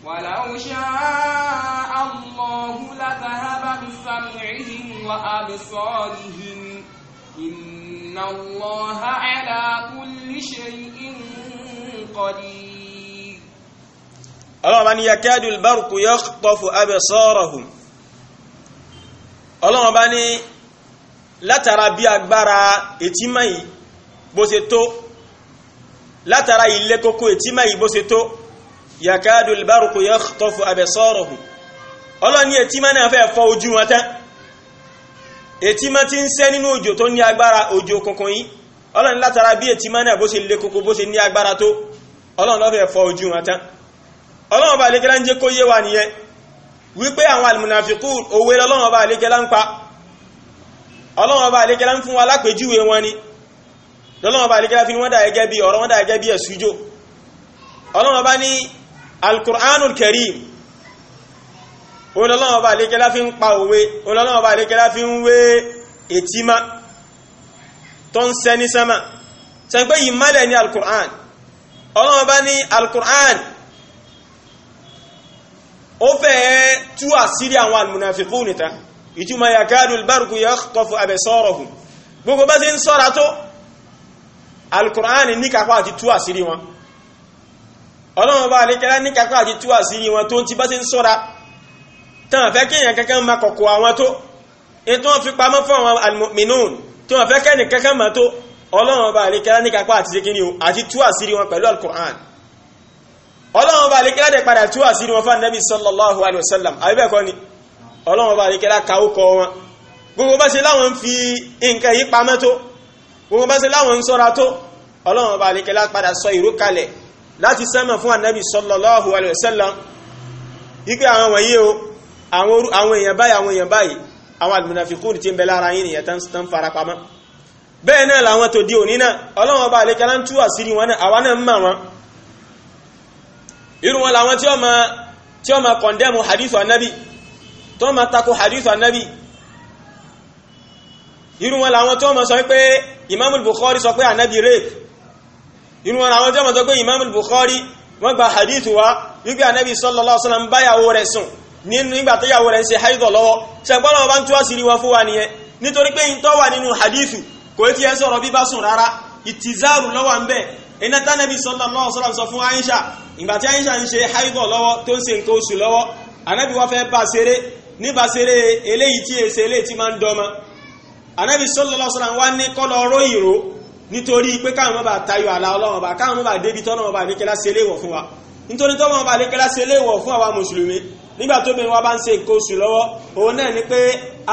ولو شاء الله لذهب بسمعهم وأبصارهم إن الله على كل شيء قدير ọlọ́run bá ní yakadu albarku yakhtafu absarahum ọlọ́run bá ní látara bí agbára ètímọ̀ yìí bó ṣe tó látara ilé kókó ètímọ̀ yìí bó ṣe tó yakadu albarku yakhtafu absarahum ọlọ́run ní ètímọ̀ náà fẹ́ fọ́ ojú wọn tán ètímọ̀ tí ń sẹ́ nínú òjò tó ní agbára òjò kankan yìí ọlọ́run látara bí ètímọ̀ náà bó ṣe lé kókó bó ṣe ní agbára tó ọlọ́run ló fẹ́ ojú wọn tán ọlọ́run bá àlékẹ́lá ń jẹ́ kó yé wa nìyẹn wípé àwọn alìmùnàfikù òwe lọ́lọ́run bá àlékẹ́lá ń pa ọlọ́run bá àlékẹ́lá ń fún wa lápèjúwe wọn ni lọ́lọ́run bá àlékẹ́lá fi wọ́n dà gẹ́gẹ́ bí ọ̀rọ̀ wọ́n dà gẹ́gẹ́ bí ẹ̀sùjò ọlọ́run bá ní alkùránul karim olọ́lọ́run ó fẹ́ tú àsírí àwọn almunafikun nìta ìtumọ̀ yakadu albarku yakhtafu absarahum gbogbo bá ṣe ń sọ́ra tó alkùránì níkàpá àti tú àsírí wọn ọlọ́run bá alékẹ́lá níkàpá àti tú àsírí wọn tó ti bá ṣe ń sọ́ra tán fẹ́ kíyàn kankan ma kọ̀kọ̀ àwọn tó ètò wọn fi pamọ́ fún àwọn almu'minun tí wọ́n fẹ́ kẹ́ni kankan ma tó ọlọ́run bá alékẹ́lá níkàpá àti tú àsírí wọn pẹ̀lú alkùránì ọlọ́run bá lékẹ́lá dẹ̀ padà tú àsírí wọn fún nẹ́bí sallallahu alaihi wasallam àbíbẹ̀kọ́ ni ọlọ́run bá lékẹ́lá ka ókọ wọn gbogbo bá ṣe láwọn ń fi nǹkan yí pamẹ́ tó gbogbo bá ṣe láwọn ń sọ́ra tó ọlọ́run bá lékẹ́lá padà sọ ìró kalẹ̀ láti sánmà fún nẹ́bí sallallahu alaihi ipe àwọn wọ̀nyí o àwọn èèyàn báyìí àwọn èèyàn báyìí ń bẹ irun wọn làwọn tí ó ma tí ó ma kọ̀ndẹ́mù hadithu annabi tó ma tako hadithu annabi irun wọn làwọn tí ó sọ pé imamul bukhari sọ pé annabi rape irun wọn làwọn tí ó ma sọ pé imamul bukhari wọ́n gba hadithu wa wípé annabi sallallahu alaihi wasallam báyàwó rẹ̀ sùn nínú nígbà tó yàwó rẹ̀ ń ṣe haidọ̀ lọ́wọ́ ṣẹ̀gbọ́n bá ń tú àṣírí wọn fún wa nìyẹn nítorí pé ìtọ́ wà nínú hadithu kò tí ẹ sọ̀rọ̀ bí iná tánàbí sallallahu alaihi wasallam sọ fún Aisha ìgbà tí Aisha ń ṣe haibọ̀ lọ́wọ́ tó ń ṣe nǹkan oṣù lọ́wọ́ anábì wá fẹ́ bá ṣeré níbà ṣeré eléyìí tí èsè eléyìí tí máa ń dọ́mọ anábì sallallahu alaihi wasallam wá ní kọ́lọ̀ ọ̀rọ̀ ìró nítorí pé káwọn ọba tayọ àlà ọlọ́run ọba káwọn ọba débi tọ́nà ọba àlékẹ́lá ṣe léèwọ̀ fún wa nítorí tọ́nà ọba àlékẹ́lá ṣe léèwọ̀ fún àwa mùsùlùmí nígbà tó bẹ̀rẹ̀ wa bá ń ṣe nǹkan oṣù lọ́wọ́ òun náà ni pé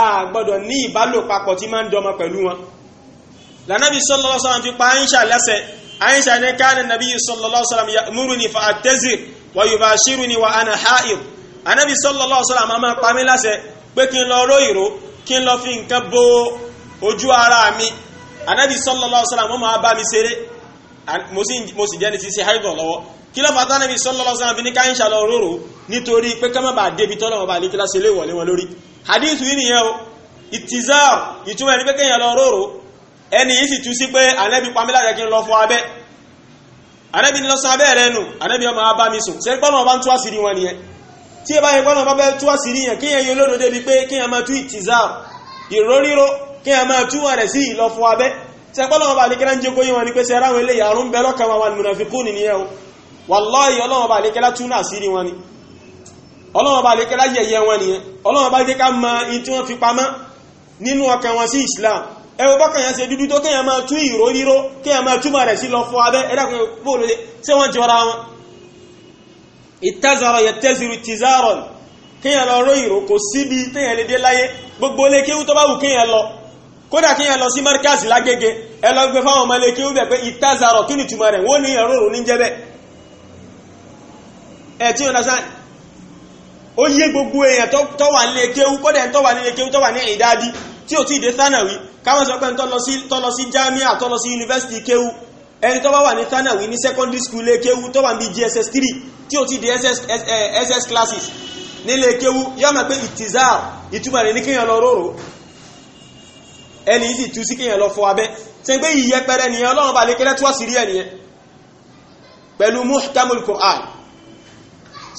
a gbọ́dọ̀ ní ìbálòpapọ̀ tí máa ń dọmọ pẹ̀lú wọn lànàbí sallallahu alaihi wasallam fi pa Àìṣà lẹ́sẹ̀ aisha ne kana nabi sallallahu alaihi wasallam ya'muruni fa atazir wa yubashiruni wa ana ha'id anabi sallallahu alaihi wasallam máa pa mí láṣẹ pé kí n lọ ró ìró kí n lọ fi nǹkan bo ojú ara mi anabi sallallahu alaihi wasallam máa bá mi ṣeré mo sì mo sì jẹ́ ni ti ṣe haid lọ́wọ́ kí ló fàtà nabi sallallahu alaihi wasallam bí ní ká aisha lọ ró ìró nítorí pé ká má bàa débi tọ́lọ́wọ́ bá ní kí lásìlẹ̀ ìwọ̀lé wọn lórí hadith yìí nìyẹn o ìtìzáà ìtumọ̀ ẹni pé kéèyàn lọ ró ìró ẹni yìí sì tú sí pé ànábì pamílá kí n lọ fọ abẹ́ ànábì ní sọ abẹ́ rẹ̀ nù ànábì ọmọ abá mi sùn ṣe pọ́nà ọba ń tú àṣírí wọn nìyẹn tí ẹ bá yẹ pọ́nà ọba bẹ́ tú àṣírí yẹn kí yẹn débi pé kí yẹn máa tú kí yẹn máa tú sí ìlọ fọ ṣe ọba àlekẹ́lá ń wọn ni pé ṣe ara wọn eléyà àrùn lọ́kàn wọn ọlọ́wọ́n àlekẹ́lá ẹwọ bá kàyàn ṣe dúdú tó kẹyàn máa tú ìró ríro kẹyàn máa túmọ̀ rẹ̀ sí lọ fọ abẹ́ ẹ̀dàkùn bóòlù ṣé wọ́n jọra wọn ìtazọrọ yẹ tẹ́sìrì tìzárọ̀ kẹyàn lọ ró ìró kò síbi tẹyàn lè dé láyé gbogbo lé kéwú tó bá wù kẹyàn lọ kódà kẹyàn lọ sí márkàsì lágége ẹ lọ gbé fáwọn ọmọ lé kéwú bẹ̀ pé ìtazọrọ kí ni túmọ̀ yé gbogbo èèyàn tó wà nílé kéwú kódà tó wà nílé kéwú tó wà ní ìdádi tí ò tí ì dé káwọn sọ pé tọ́lọ sí jamia tọ́lọ sí yunifásitì kéwu ẹni tó bá wà ní tánàwí ní secondary school lè kéwu tó wà ní gss 3 tí ó ti di ss eh, classes nílé kéwu yọ́ mọ̀ pé ìtìzá ìtumọ̀ rẹ̀ ní kíyàn lọ róró ẹni sì tú sí kíyàn lọ fọ abẹ́ ṣe pé ìyẹpẹrẹ nìyẹn ọlọ́run bá lè kẹ́lẹ́ tó àṣírí ẹ̀ nìyẹn pẹ̀lú muhkamul quran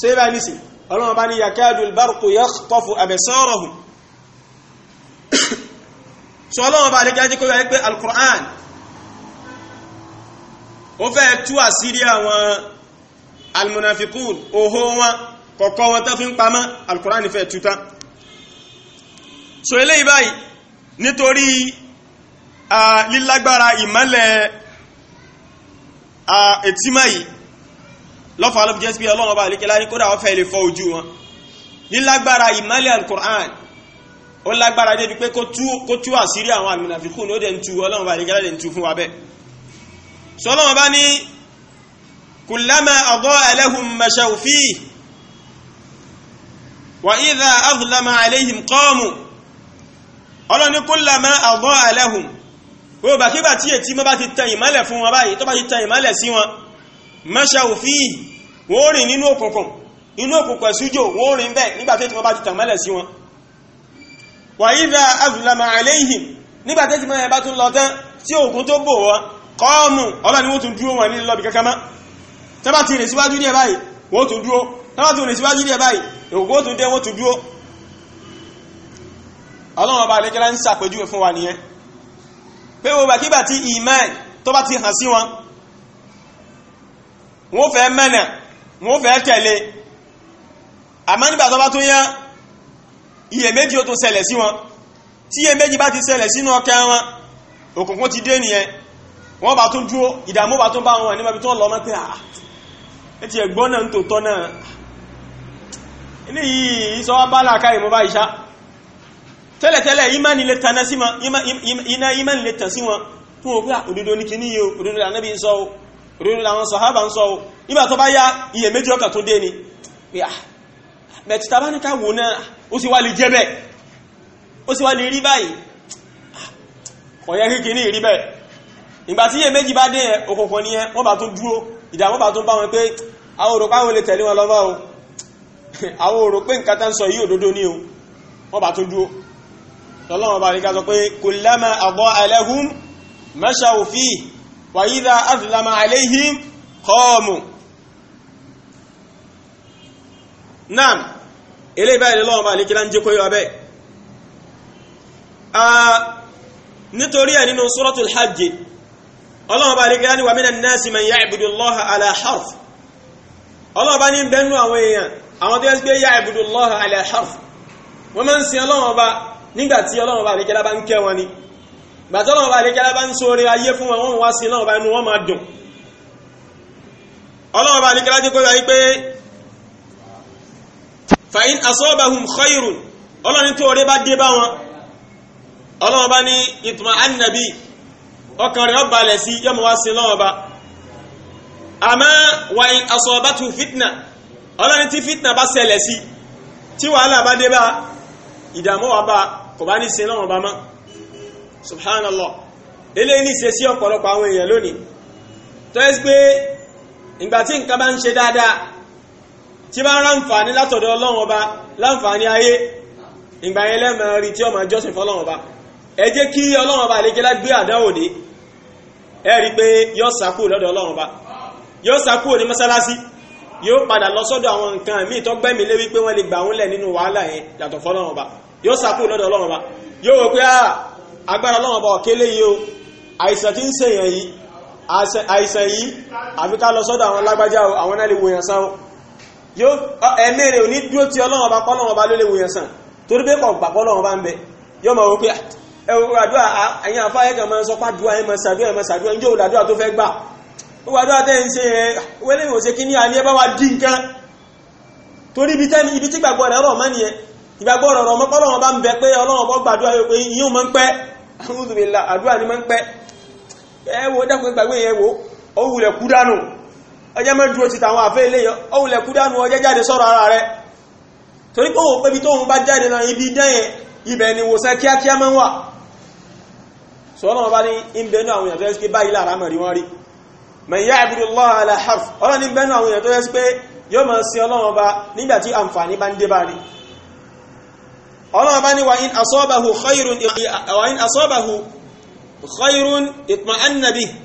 ṣe bá ní sí ọlọ́run bá ní yakadul barqu yakhtafu absarahum sọ ọlọ́run bá àlejò ajé kó yọ pé alukur'an ó fẹ́ tú àṣírí àwọn almunafikun òhó wọn kọ̀kọ́ wọn tó fi ń pamọ́ alukur'an fẹ́ tú tán sọ eléyìí báyìí nítorí lílágbára ìmọ́lẹ̀ ètímà yìí lọ́fà ló fi jẹ́ sí pé ọlọ́run bá àlejò láyé kódà wọ́n fẹ́ lè fọ ojú wọn lílágbára ìmọ́lẹ̀ alukur'an ó lágbára débi pé kó tú àṣírí àwọn àmìnàfikún ó dẹ̀ ń tu ọlọ́run bá àdékẹ́lá dẹ̀ ń tu fún wa bẹ́ẹ̀ sọlọ́run bá ní kùlámà ọ̀gọ́ ẹlẹ́hùn mẹ́ṣẹ́ fíhi wà ìdá azlama alayhim qamu ọlọ́run ní kùlámà ọ̀gọ́ ẹlẹ́hùn ó bá kí bá tí ètí mọ́ bá ti tan ìmọ́lẹ̀ fún wọn báyìí tó bá ti tan ìmọ́lẹ̀ sí wọn mẹ́ṣẹ́ òfíì wọ́n rìn nínú òkùnkùn inú òkùnkùn ẹ̀sújò wà ìdá azùlámà àléhìn nígbà tẹ́sí mẹ́rin bá tún lọ tán tí òkun tó bò wọ́n kọ́ọ̀mù ọlọ́ ni wọ́n tún dúró wọn ní lọ́bì kankan mọ́ tẹ́bà ti rìn síwájú díẹ̀ báyìí wọ́n tún dúró tẹ́bà ti rìn síwájú díẹ̀ báyìí nígbà tó bá tún yá iyèméjì ó tún ṣẹlẹ̀ sí wọn tí iyèméjì bá ti ṣẹlẹ̀ sínú ọkẹ́ wọn òkùnkùn ti dé nìyẹn wọ́n bá tún dúró ìdààmú bá tún bá wọn níbi tó lọ mọ́pẹ́ ah, àà ẹ̀tì ẹ̀gbọ́n náà ń tò tọ́ náà ilé yìí sọ wá bá láàká ìmọ̀ bá ìṣá tẹ́lẹ̀tẹ́lẹ̀ ìmánì lè tàn sí wọn iná ìmánì lè tàn sí wọn fún òpé ah, òdodo ní kíní yìí òdodo lànàbí ń sọ òdodo làwọn sàhábà ń sọ ìgbà tó bá yá iyèméjì ọkà tó dé ni pé ah bẹ̀tì tàbá ní káwò náà ó sì wá lè jẹ́ bẹ́ẹ̀ ó sì wá lè rí báyìí ọ̀yẹ́ kíkì ní ìrí bẹ́ẹ̀ ìgbà tí yẹ méjì bá dé ẹ òkùnkùn ní ẹ wọ́n bá tún dúró ìdààmú bá tún bá wọn pé àwọn òrò páwọn lè tẹ̀lé wọn lọ́wọ́ o naam ilé ìbáyìí lọ́wọ́ bá alékílá ń jẹ́ kó yíwa bẹ́ẹ̀ nítorí ẹ̀ nínú suratul hajj ọlọ́wọ́ bá alékílá ní wa minan nasi man ya'budu Allaha ala harf ọlọ́wọ́ bá ní bẹ́nu àwọn èèyàn àwọn tó yẹ pé ya'budu Allaha ala harf wọ́n máa ń sin ọlọ́wọ́ bá nígbà tí ọlọ́wọ́ bá alékílá bá ń kẹ́ wọn ni gbàtọ́ ọlọ́wọ́ bá alékílá bá ń sóore ayé fún wọn wọ́n wá sí ọlọ́wọ́ bá inú wọn máa dùn ọlọ́wọ́ bá alékílá ní kó yọ fàyín asọ́bàhùn khayrun ọlọ́ni tó rẹ bá dé bá wọn ọlọ́wọ́n bá ní ìtumọ̀ annabi ọkàn rẹ̀ ọba alẹ̀ sí yọmọ wá sí lọ́wọ́ bá àmọ́ wàyín asọ́bàtù fitna ọlọ́ni tí fitna bá ṣẹlẹ̀ sí tí wàhálà bá dé bá ìdààmú wa bá kò bá ní sí lọ́wọ́ bá mọ́ subhanallah eléyìí ní ìṣesí ọ̀pọ̀lọpọ̀ àwọn èèyàn lónìí tó yẹ pé ìgbà tí nǹkan bá ń ṣe dáadáa tí bá ráǹfààní látọ̀dọ̀ ọlọ́run ọba láǹfààní ayé ìgbà yẹn lẹ́mọ̀ rí tí ọmọ jọ́sìn fọlọ́run ọba ẹ jẹ́ kí ọlọ́run ọba àlejò lágbé àdáwò dé ẹ rí i pé yọ sàkú lọ́dọ̀ ọlọ́run ọba yọ sàkú ní mọ́sálásí yóò padà lọ sọ́dọ̀ àwọn nǹkan míì tó gbẹ́mí lé wípé wọ́n lè gbà wọ́n lẹ̀ nínú wàhálà yẹn yàtọ̀ fọlọ́run ọba yọ sàkú lọ́dọ̀ ọlọ́run ẹ̀mí rẹ̀ ò ní dúró ti ọlọ́wọ́n bá pọ́lọ́wọ́n bá lólè wòyàn sàn torí pé kọ̀ gbà pọ́lọ́wọ́n bá ń bẹ yóò máa wò pé ẹwọ́ àdúrà àyìn àfáyẹ́ kan máa ń sọ pàdúrà ẹ̀ máa ṣàdúrà ẹ̀ máa ṣàdúrà ń jẹ́ òdàdúrà tó fẹ́ gbà wàdúrà tẹ́ ń ṣe ẹ̀ wẹ́lẹ́ ìwòsẹ̀ kí ní alẹ́ bá wa dín nǹkan torí ibi tẹ́mi ibi tí gbàgbọ́ rẹ̀ rọ̀ mọ́ nìyẹn ìgbàgbọ́ rẹ̀ rọ̀ mọ́ pọ́lọ́wọ́n bá ń bẹ pé ọlọ́wọ́n bọ́ gbàdúrà yóò pé yíò máa ń pẹ́ àdúrà ni máa ń pẹ́ ẹ wo dákun gbàgbé yẹn wo ó wulẹ̀ kú dànù ẹjẹ́ mẹ́dúró ti tàwọn àfẹ́ ilé ọwùlẹ̀ kúdánù ọjẹ́ jáde sọ́rọ̀ ara rẹ̀ torí pé òun pébi tóun bá jáde náà ibi dẹ́yìn ibẹ̀ ni wòsàn kíákíá mọ́ wà sọ́nà bá ní ìbẹ̀nú àwọn èèyàn tó yẹ́ sí pé báyìí lára mẹ́rin wọ́n rí man ya'budu Allah ala harf ọlọ́run ní bẹ́nu àwọn èèyàn tó yẹ́ sí pé yóò máa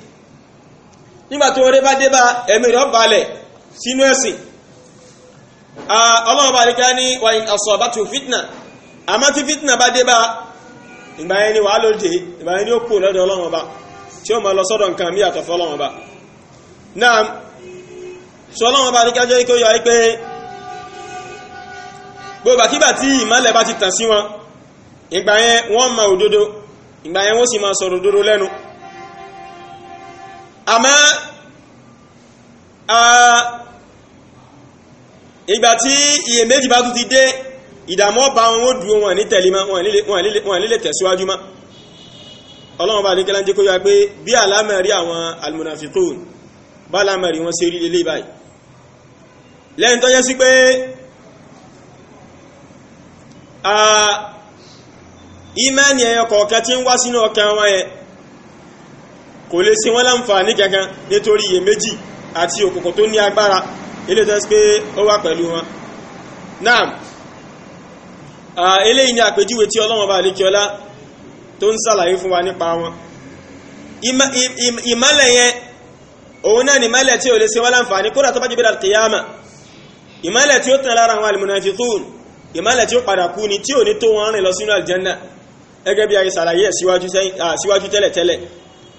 nígbà tó rẹ bá dé bá ẹ̀mí rẹ̀ balẹ̀ sínú ẹ̀sìn ọlọ́run bá rí ká ní wàyí ọ̀sọ̀ bá tún fitna àmọ́ tí fitna bá dé bá ìgbà yẹn ni wàá lóde ìgbà yẹn ni ó kú lọ́dọ̀ ọlọ́run ọba tí ó máa lọ sọ́dọ̀ nǹkan mí àtọ̀fọ́ ọlọ́run ọba náà sọ ọlọ́run ọba rí ká jẹ́ kó yọ ẹ pé gbogbo àkígbà tí ìmọ́lẹ̀ bá ti tàn sí wọn ìgbà yẹn wọ́n máa òdodo ìgbà yẹn wọ́n sì máa sọ̀rọ̀ òdodo lẹ́nu àmọ́ ah, ìgbà tí iyèméjì bá tún ti dé ìdààmú ọba wọn ó dúró wọn ní tẹ̀lé wọn nílé tẹ̀síwájú mọ́ ọlọ́run bá ní kẹ́lá ń jẹ́ kó yá pé bí àlámẹ̀rí àwọn almunafikun bá àlámẹ̀rí wọn ṣe rí ilé báyìí lẹ́yìn tó yẹ́ sí pé ah, ìmánì ẹ̀yọkọ̀ọ̀kan tí ń wá sínú ọkàn wọn yẹn kò lè sí wọ́n láǹfààní gangan nítorí iyèméjì àti òkùnkùn tó ní agbára ilé tó pé ó wà pẹ̀lú wọn náà eléyìí ni àpèjúwe tí Ọlọ́run bá alékiọlá tó ń sàlàyé fún wa nípa wọn ìmọ́lẹ̀ yẹn òun náà ni ìmọ́lẹ̀ tí ò lè ṣe wọ́n láǹfààní kódà tó bá jẹ́ bí al-qiyama ìmọ́lẹ̀ tí ó tàn lára àwọn al-munafiqun ìmọ́lẹ̀ tí ó padà kú ni tí ò ní tó wọn rìn lọ sínú aljanna gẹ́gẹ́ bí ayé sàlàyé síwájú tẹ́lẹ̀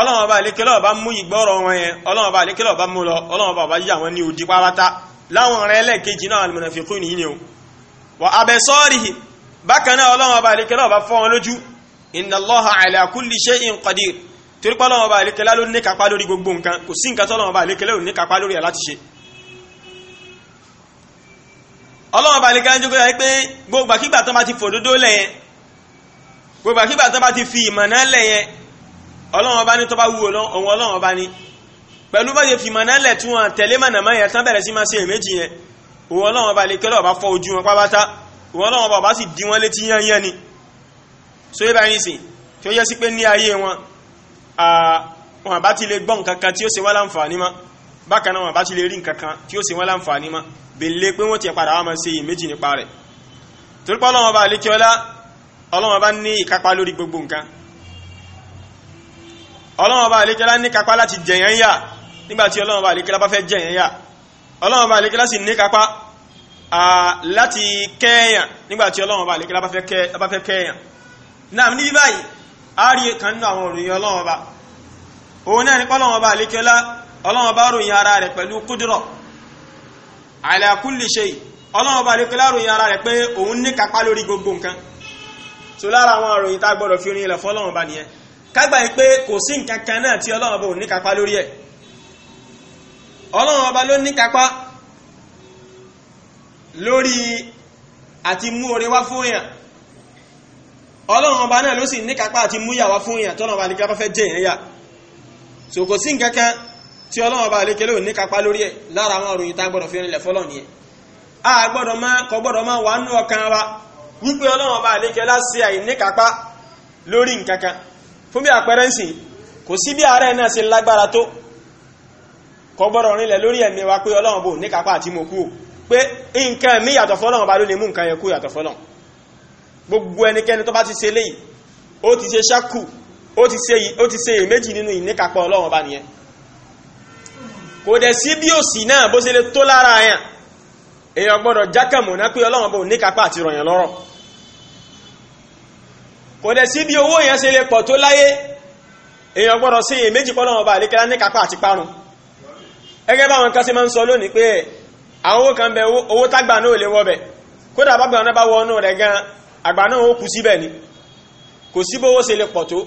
ọlọ́wọ́n bá lékelọ́ bá mú ìgbọ́rọ̀ wọn yẹn ọlọ́wọ́n bá lékelọ́ bá mú lọ ọlọ́wọ́n bá yà wọn ní òdi pátá láwọn ọ̀rẹ́ ẹlẹ́ẹ̀kejì náà almunafiqun nìyí ni o wà abẹ́sọ́ọ̀rì bákan náà ọlọ́wọ́n bá lékelọ́ bá fọ́ wọn lójú inna Allaha ala kulli shay'in qadir torí pé ọlọ́wọ́n bá lékelọ́ ló ní kápá lórí gbogbo nǹkan kò sí nǹkan tọ́lọ́wọ́n bá lékelọ́ ní kápá lórí ẹ̀ láti ṣe ọlọ́wọ́n bá lékelọ́ jókòó yà pé gbogbo àkígbà tó bá ti fòdodo lẹ̀ yẹn gbogbo àkígbà tó bá ti fi ìmọ̀ náà lẹ̀ yẹn ọlọ́run ọba ní tó bá wù òun ọlọ́run ọba ní pẹ̀lú bá ṣe fi mọ̀nà lẹ̀ tí wọ́n tẹ̀lé mọ̀nà mọ́ yẹn tán bẹ̀rẹ̀ sí máa ṣe èméjì yẹn òun ọlọ́run ọba lè kẹ́lọ́ ọba fọ́ ojú wọn pápátá òun ọlọ́run ọba ọba sì di wọn létí yányán ni so yẹ báyìí sìn tí ó yẹ sí pé ní ayé wọn wọn bá ti lè gbọ́ nǹkan kan tí ó ṣe wá láǹfààní mọ́ bákan náà wọn bá ní ìkápá lórí gbogbo nǹkan ọlọ́run ọba àlékẹ́lá ní kápá láti jẹ̀yàn yà nígbàtí ọlọ́run ọba àlékẹ́lá bá fẹ́ jẹ̀yàn yà ọlọ́run ọba àlékẹ́lá sì ní kápá láti kẹ́yàn nígbàtí ọlọ́run ọba àlékẹ́lá bá fẹ́ kẹ́yàn náà ní báyìí a rí kan nínú àwọn òròyìn ọlọ́run ọba òun náà ní pọ́lọ́run ọba àlékẹ́lá ọlọ́run ọba ròyìn ara rẹ̀ pẹ̀lú kúdùrọ̀ ala kulli shay ọlọ́run ọba àlékẹ́lá ròyìn ara rẹ̀ pé òun ní kápá lórí gbogbo nǹkan so lára àwọn òròyìn tá a gbọ́dọ̀ fi orin ilẹ̀ kágbà yìí pé kò sí nǹkan kan náà tí ọlọ́run ọba ò ní kápá lórí ẹ̀ ọlọ́run ọba ló ní kápá lórí àti mú oore wá fún èèyàn ọlọ́run ọba náà ló sì ní kápá àti mú yà wá fún èèyàn tọ́lọ́run ọba àlekẹ́ bá fẹ́ jẹ èèyàn yà so kò sí nǹkan kan tí ọlọ́run ọba àlekẹ́ ló ní kápá lórí ẹ̀ lára àwọn òròyìn tá a gbọ́dọ̀ fi rinlẹ̀ fọ́lọ́ nìyẹn a gbọ́dọ̀ máa kò gbọ́dọ̀ máa wà nú ọkàn wa wípé ọlọ́run ọba àlekẹ́ lá ṣe àìníkápá lórí nǹkan kan fún bí àpẹẹrẹ ńsìn kò sí bí ààrẹ náà ṣe lágbára tó kò gbọ́dọ̀ rinlẹ̀ lórí ẹ̀mí wa pé ọlọ́run bò ní kápá àti mo kú o pé nǹkan mi yàtọ̀ fọlọ́run bá ló lè mú nǹkan yẹn kú yàtọ̀ fọlọ́run gbogbo ẹnikẹ́ni tó bá ti ṣe léyìí ó ti ṣe ṣákù ó ti ṣe èméjì nínú ìníkàpá ọlọ́run bá nìyẹn kò dẹ̀ sí bí òsì náà bó ṣe lè tó lára yẹn èèyàn gbọ́dọ̀ jákàmù náà pé ọlọ́run bò ní kápá àti rọ̀yàn lọ́rọ̀ kò dẹ̀ sí bí owó yẹn ṣe lè pọ̀ tó láyé èèyàn gbọ́dọ̀ sí èyàn méjì pọ́lọ́wọ́n bá àlékẹ́lá ní kápá àti parun ẹgẹ́ báwọn kan ṣe máa ń sọ lónìí pé àwọn owó kan bẹ owó tágbà náà lè wọbẹ̀ kódà bá gbàgbà náà bá wọnú rẹ̀ gan àgbà náà ó kú síbẹ̀ ni kò sí bówó ṣe lè pọ̀ tó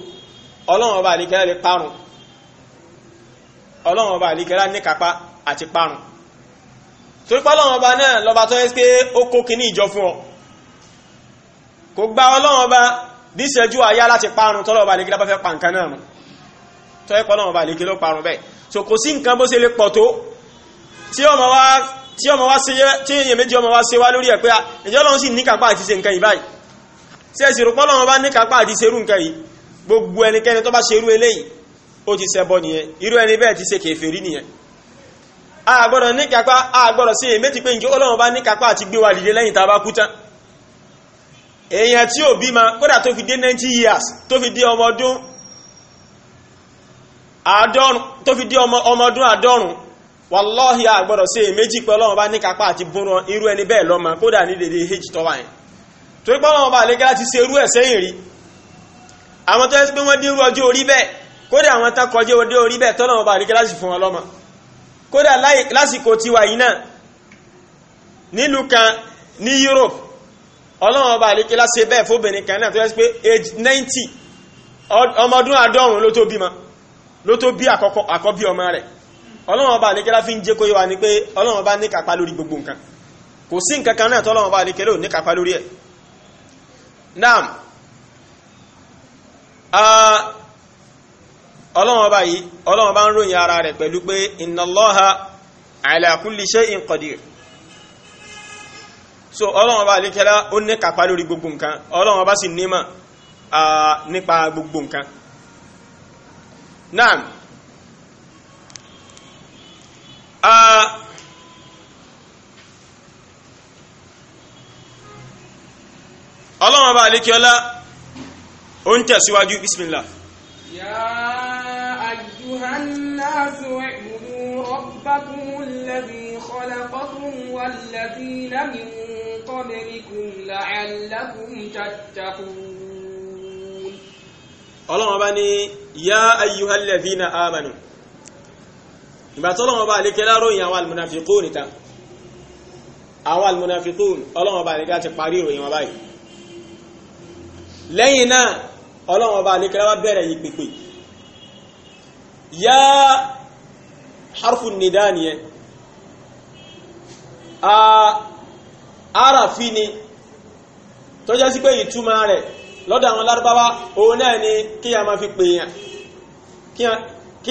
ọlọ́wọ́n bá àlékẹ́lá lè parun ọlọ́wọ́n bá àlékẹ́lá ní kápá àti parun torí pọ́lọ́wọ́n bá náà lọ́ba tó yẹ pé ó kó kíní ìjọ fún ọ kò gba ọlọ́wọ́n bá níṣẹ́jú àyá láti parun tọ́lọ́wọ́ bá lè gílá bá fẹ́ pa nǹkan náà rùn tọ́ ẹ̀pọ̀ náà bá lè gílá parun bẹ́ẹ̀ so kò sí nǹkan bó ṣe lè pọ̀ tó tí ọmọ wá ṣe tí èyàn méjì ọmọ wá ṣe wá lórí ẹ̀ pé ìjọ ah, lọ́n sì níkàpá àti ṣe nǹkan yìí báyìí tí ẹ̀sì rò pọ́lọ́wọ́ bá níkàpá àti ṣerú nǹkan yìí gbogbo ẹnikẹ́ni tó bá ṣerú eléyìí ó ti ṣẹbọ nìyẹn irú ẹni bẹ́ẹ̀ ti ṣe kèfèrí nìyẹn a gbọ́dọ̀ níkàpá a gbọ́dọ̀ ṣe èméjì pé ìjọ ọlọ́wọ́ bá níkàpá àti gbé wa dìde lẹ́yìn tá a bá kú tán èèyàn tí ò bímọ kódà tó fi dé 90 years tó fi dé ọmọ ọdún àádọ́rùn tó fi dé ọmọ ọdún àádọ́rùn wàlọ́hì àgbọ̀dọ̀ sí èméjì pé ọlọ́run bá ní kápá àti búrú irú ẹni bẹ́ẹ̀ lọ́mọ kódà ní dèdè hejì tọ́wà yẹn torí pé ọlọ́run bá lè gá láti ṣe irú ẹ̀ sẹ́yìn rí àwọn tó yẹ pé wọ́n dé irú ọjọ́ orí bẹ́ẹ̀ kódà àwọn tán kọjá ọdẹ orí bẹ́ẹ̀ tọ́lọ́run bá lè láti fún wọn lọ́mọ kódà lásìkò tiwa yìí náà nílùú kan ní Europe ọlọ́run ọba àlékè láṣẹ bẹ́ẹ̀ fóbìnrin kan náà tó yẹ pé age ninety ọmọ ọdún àádọ́rùn ló tó bímọ ló tó bí àkọ́bí ọmọ rẹ̀ ọlọ́run ọba àlékè láfi ń jẹ́ kó yé wa ni pé ọlọ́run ọba ní kápá lórí gbogbo nǹkan kò sí nǹkan kan náà tó ọlọ́run ọba àlékè ló ní kápá lórí ẹ̀ naam ọlọ́run ọba yìí ọlọ́run ọba ń ròyìn ara rẹ̀ pẹ̀lú pé innallaha ala kulli shay'in qadir so ọlọ́run bá alékẹ́lá ó ní kàpá lórí gbogbo nǹkan ọlọ́run bá sì nímọ̀ nípa gbogbo nǹkan náà ọlọ́run bá alékẹ́lá ó ń tẹ̀síwájú bismillah ya ayyuhan nas واتقوا ربكم الذي خلقكم والذين من قبلكم لعلكم تتقون ọlọ́wọ́n بني يا أيها الذين آمنوا. amanu ìbátọ́lọ́wọ́n bá alékẹ́ láróyìn àwọn almunafikun níta àwọn almunafikun ọlọ́wọ́n bá alékẹ́ láti parí ìròyìn wọn báyìí lẹ́yìn náà ọlọ́wọ́n bá alékẹ́ láwá bẹ̀rẹ̀ yìí pèpè yá harfu nida a arafi ni tó jẹ́ sí pé re loda lọ́dọ̀ àwọn lárúbáwá òun ni kí a ma fi ki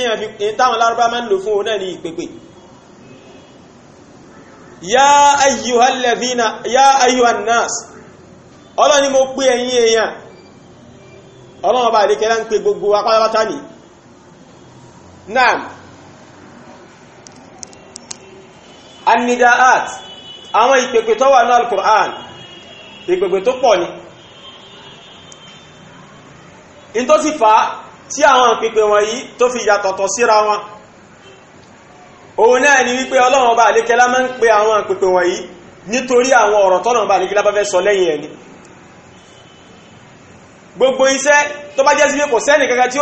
ya fi pè táwọn lárúbá máa ń lò fún òun náà ni ìpèpè ya ayyuhal ladhina ya ayyuhan nas ọlọ́ ni mo pè ẹ̀yin èèyàn ọlọ́wọ́ bá àdékẹ́lá ń pe gbogbo apátápátá ni naam anidaat àwọn ìpèpè tó wà ní al-Qur'an ìpèpè tó pọ̀ ni in tó sì fa tí àwọn ìpèpè wọ̀nyí tó fi yàtọ̀tọ̀ síra wọn òun náà ni wípé Ọlọ́run bá àlékẹ́lá máa ń pe àwọn ìpèpè wọ̀nyí nítorí àwọn ọ̀rọ̀ tọ́nà bá àlékẹ́lá bá fẹ́ sọ lẹ́yìn ẹni gbogbo iṣẹ́ tó bá jẹ́ sí pé kò sẹ́nì kankan tí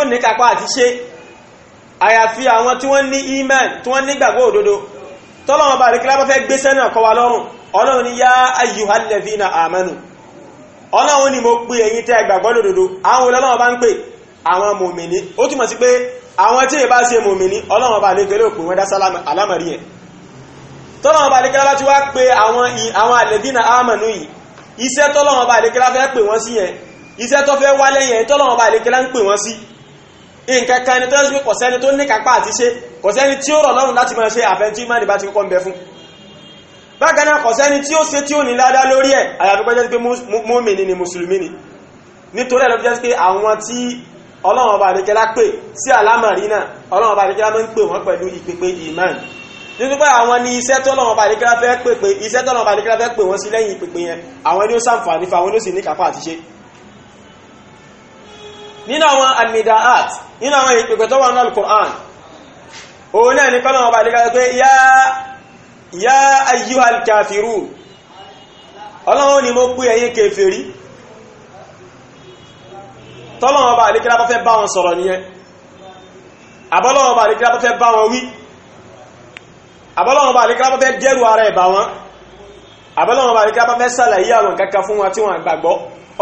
ó ní tọ́lọ́wọ́n bá rikí lábá fẹ́ gbé sẹ́nà kọwa lọ́rùn ọlọ́run ni yá ayyuhalladhina amanu ọlọ́run ni mo pè ẹ̀yin tẹ́ gbàgbọ́ lódodo àwọn olọ́run bá ń pè àwọn mòmìnì ó túnmọ̀ sí pé àwọn tí ìbá ṣe mòmìnì ọlọ́run bá lè kéré òpè wọn dá alámàrí ẹ̀ tọ́lọ́run bá rikí lábá ti wá pé àwọn alladhina amanu yìí iṣẹ́ tọ́lọ́run bá rikí lábá fẹ́ pè nǹkan kan ni tó ń sọ pé kò sẹ́ni tó ní kápá àti ṣe kò sẹ́ni tí ó rọ̀ lọ́rùn láti máa ṣe àfẹ́ntí máa nìbá ti kọ́ ń bẹ fún bákan náà kò sẹ́ni tí ó ṣe tí ó ní ládá lórí ẹ̀ àyàfi pé jẹ́ pé mùmínì ni mùsùlùmí ni nítorí ẹ̀ ló fi jẹ́ pé àwọn tí ọlọ́run ọba àdékẹ́lá pè sí àlámàrí náà ọlọ́run ọba àdékẹ́lá máa ń pè wọ́n pẹ̀lú ìpèpè ìmán nítorí pé àwọn ni iṣẹ́ tọ́lọ́run ọba àdékẹ́lá fẹ́ pè wọ́n sí lẹ́yìn ìpèpè yẹn àwọn ni ó ṣàǹfààní fún àwọn ni ó sì ní kápá àti ṣe nínú àwọn alìmìdáàt nínú àwọn ìpẹ̀kẹ̀tọ́ wà náà al-Qur'an òun náà ní kọ́lọ̀ ọba àdíkà pé yá ayyuhal kafirun ọlọ́run ni mo pè ẹ̀yin kèfèrí tọ́lọ̀ ọba àdíkà bá fẹ́ bá wọn sọ̀rọ̀ nìyẹn àbọ́lọ́run ọba àdíkà bá fẹ́ bá wọn wí àbọ́lọ́run ọba àdíkà bá fẹ́ dẹ́rù ara ẹ̀ bá sàlàyé àwọn kankan fún wọn tí wọ́n gbàgbọ́ ó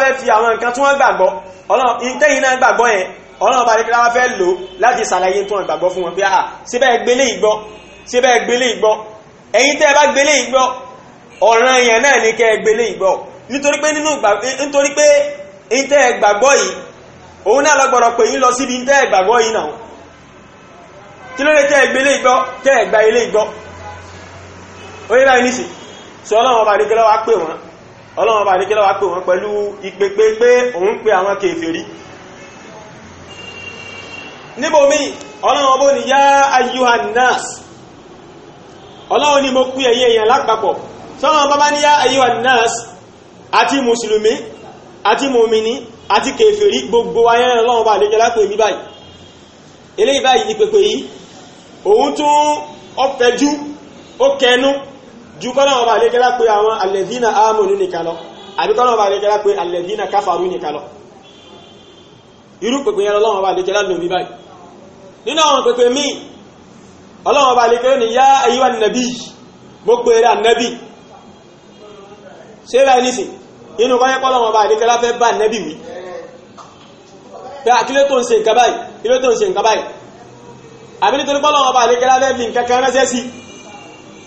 fẹ́ fi àwọn nǹkan tí wọ́n gbàgbọ́ ìtẹ́yìn náà gbàgbọ́ yẹn ọlọ́run bá dékẹ́lá wá fẹ́ lò láti ṣàlàyé tó wọn gbàgbọ́ fún wọn pé à ah, síbẹ̀ gbélé ìgbọ́ síbẹ̀ gbélé ìgbọ́ ẹ̀yin tẹ́ ẹ bá gbélé ìgbọ́ ọ̀ràn èèyàn náà ní kẹ́ ẹ gbélé ìgbọ́ nítorí pé nínú nítorí pé ìtẹ́ ẹ gbàgbọ́ yìí òun náà lọ́gbọ̀rọ̀ pé yín lọ síbi ìtẹ́ ẹ gbàgbọ́ yìí náà kí ló lè tẹ́ ẹ gbélé ìgbọ́ tẹ́ ẹ gba ilé ìgbọ́ ó yẹ báyìí níṣì sọ ọlọ́run ọba ọlọ́run bá níkẹ́lọ́ wá pè wọ́n pẹ̀lú ìpèpè pé òun pè àwọn kèfèrí níbòmí ọlọ́run bó ní yá ayyuhan nas ọlọ́run ni mo pè ẹ̀yẹ èèyàn lápapọ̀ sọ́rọ̀ bá bá ní yá ayyuhan nas àti mùsùlùmí àti mùmìní àti kèfèrí gbogbo ayẹ́ ọlọ́run bá níkẹ́lá pè mí báyìí eléyìí báyìí ìpèpè yìí òun tún ọ̀fẹ́jú ó kẹnu ju kọ́lọ́wọ́ bá lékẹ́lá pé àwọn alẹ́dínà ámùnú nìkan lọ àbí kọ́lọ́wọ́ bá lékẹ́lá pé alẹ́dínà káfàrú nìkan lọ irú pẹ̀pẹ̀ yẹn lọ́wọ́ bá lòmí báyìí nínú àwọn pẹ̀pẹ̀ míì ọlọ́wọ́ bá lékẹ́lá ni yá ayíwá nàbí mo pè rà nàbí ṣé báyìí nìsín inú kọ́yẹ́ kọ́lọ́wọ́ bá lékẹ́lá fẹ́ bá nàbí wí pé àkílẹ̀ tó ń ṣe nǹkan báyìí àbí nítorí kọ́lọ́wọ́ bá lékẹ́lá fẹ́ fi nǹkan kan ránṣẹ́ sí i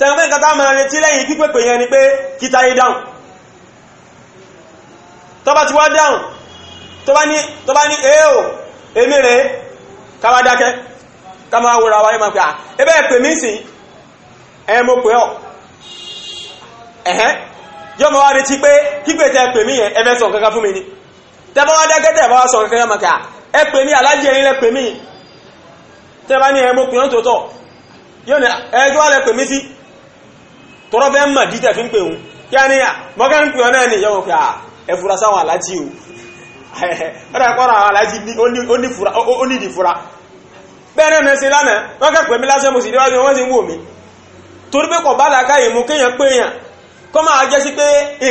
sẹ́gbẹ́ nǹkan tá a máa retí lẹ́yìn pípèpè yẹn ni pé kí Táyé dáhùn tó bá ti wá dáhùn tó bá ní èèò èmi rèé káwá dákẹ́ ká máa wòrà wáyé máa pè à ebẹ́ pè mí sí ẹ mo pè ọ́ ẹ̀hẹ́ yóò máa wá retí pé pípè tẹ pè mí yẹn ẹ sọ kankan fún mi ni tẹ́ bá wá dákẹ́ tẹ́ bá wá ní ẹ mo pè ọ́ tòótọ́ yóò ní ẹ tó pè mí sí tọ́rọ fẹ́ mọ̀ dítẹ̀ fi ń pè òun kí a ní mọ́gá pè ọ náà ní yọ́wọ́ pé ẹ̀fura sáwọn aláàjì o ọ̀dà kọ́ra àwọn aláàjì ó fura bẹ́ẹ̀ náà ṣe lánàá wọ́n kẹ́ pẹ̀mí lásán mo sì déwájú wọ́n sì ń wò mí torí pé kọ̀ bá làákà yìí mú kéèyàn pé yàn kọ́ máa jẹ́ sí pé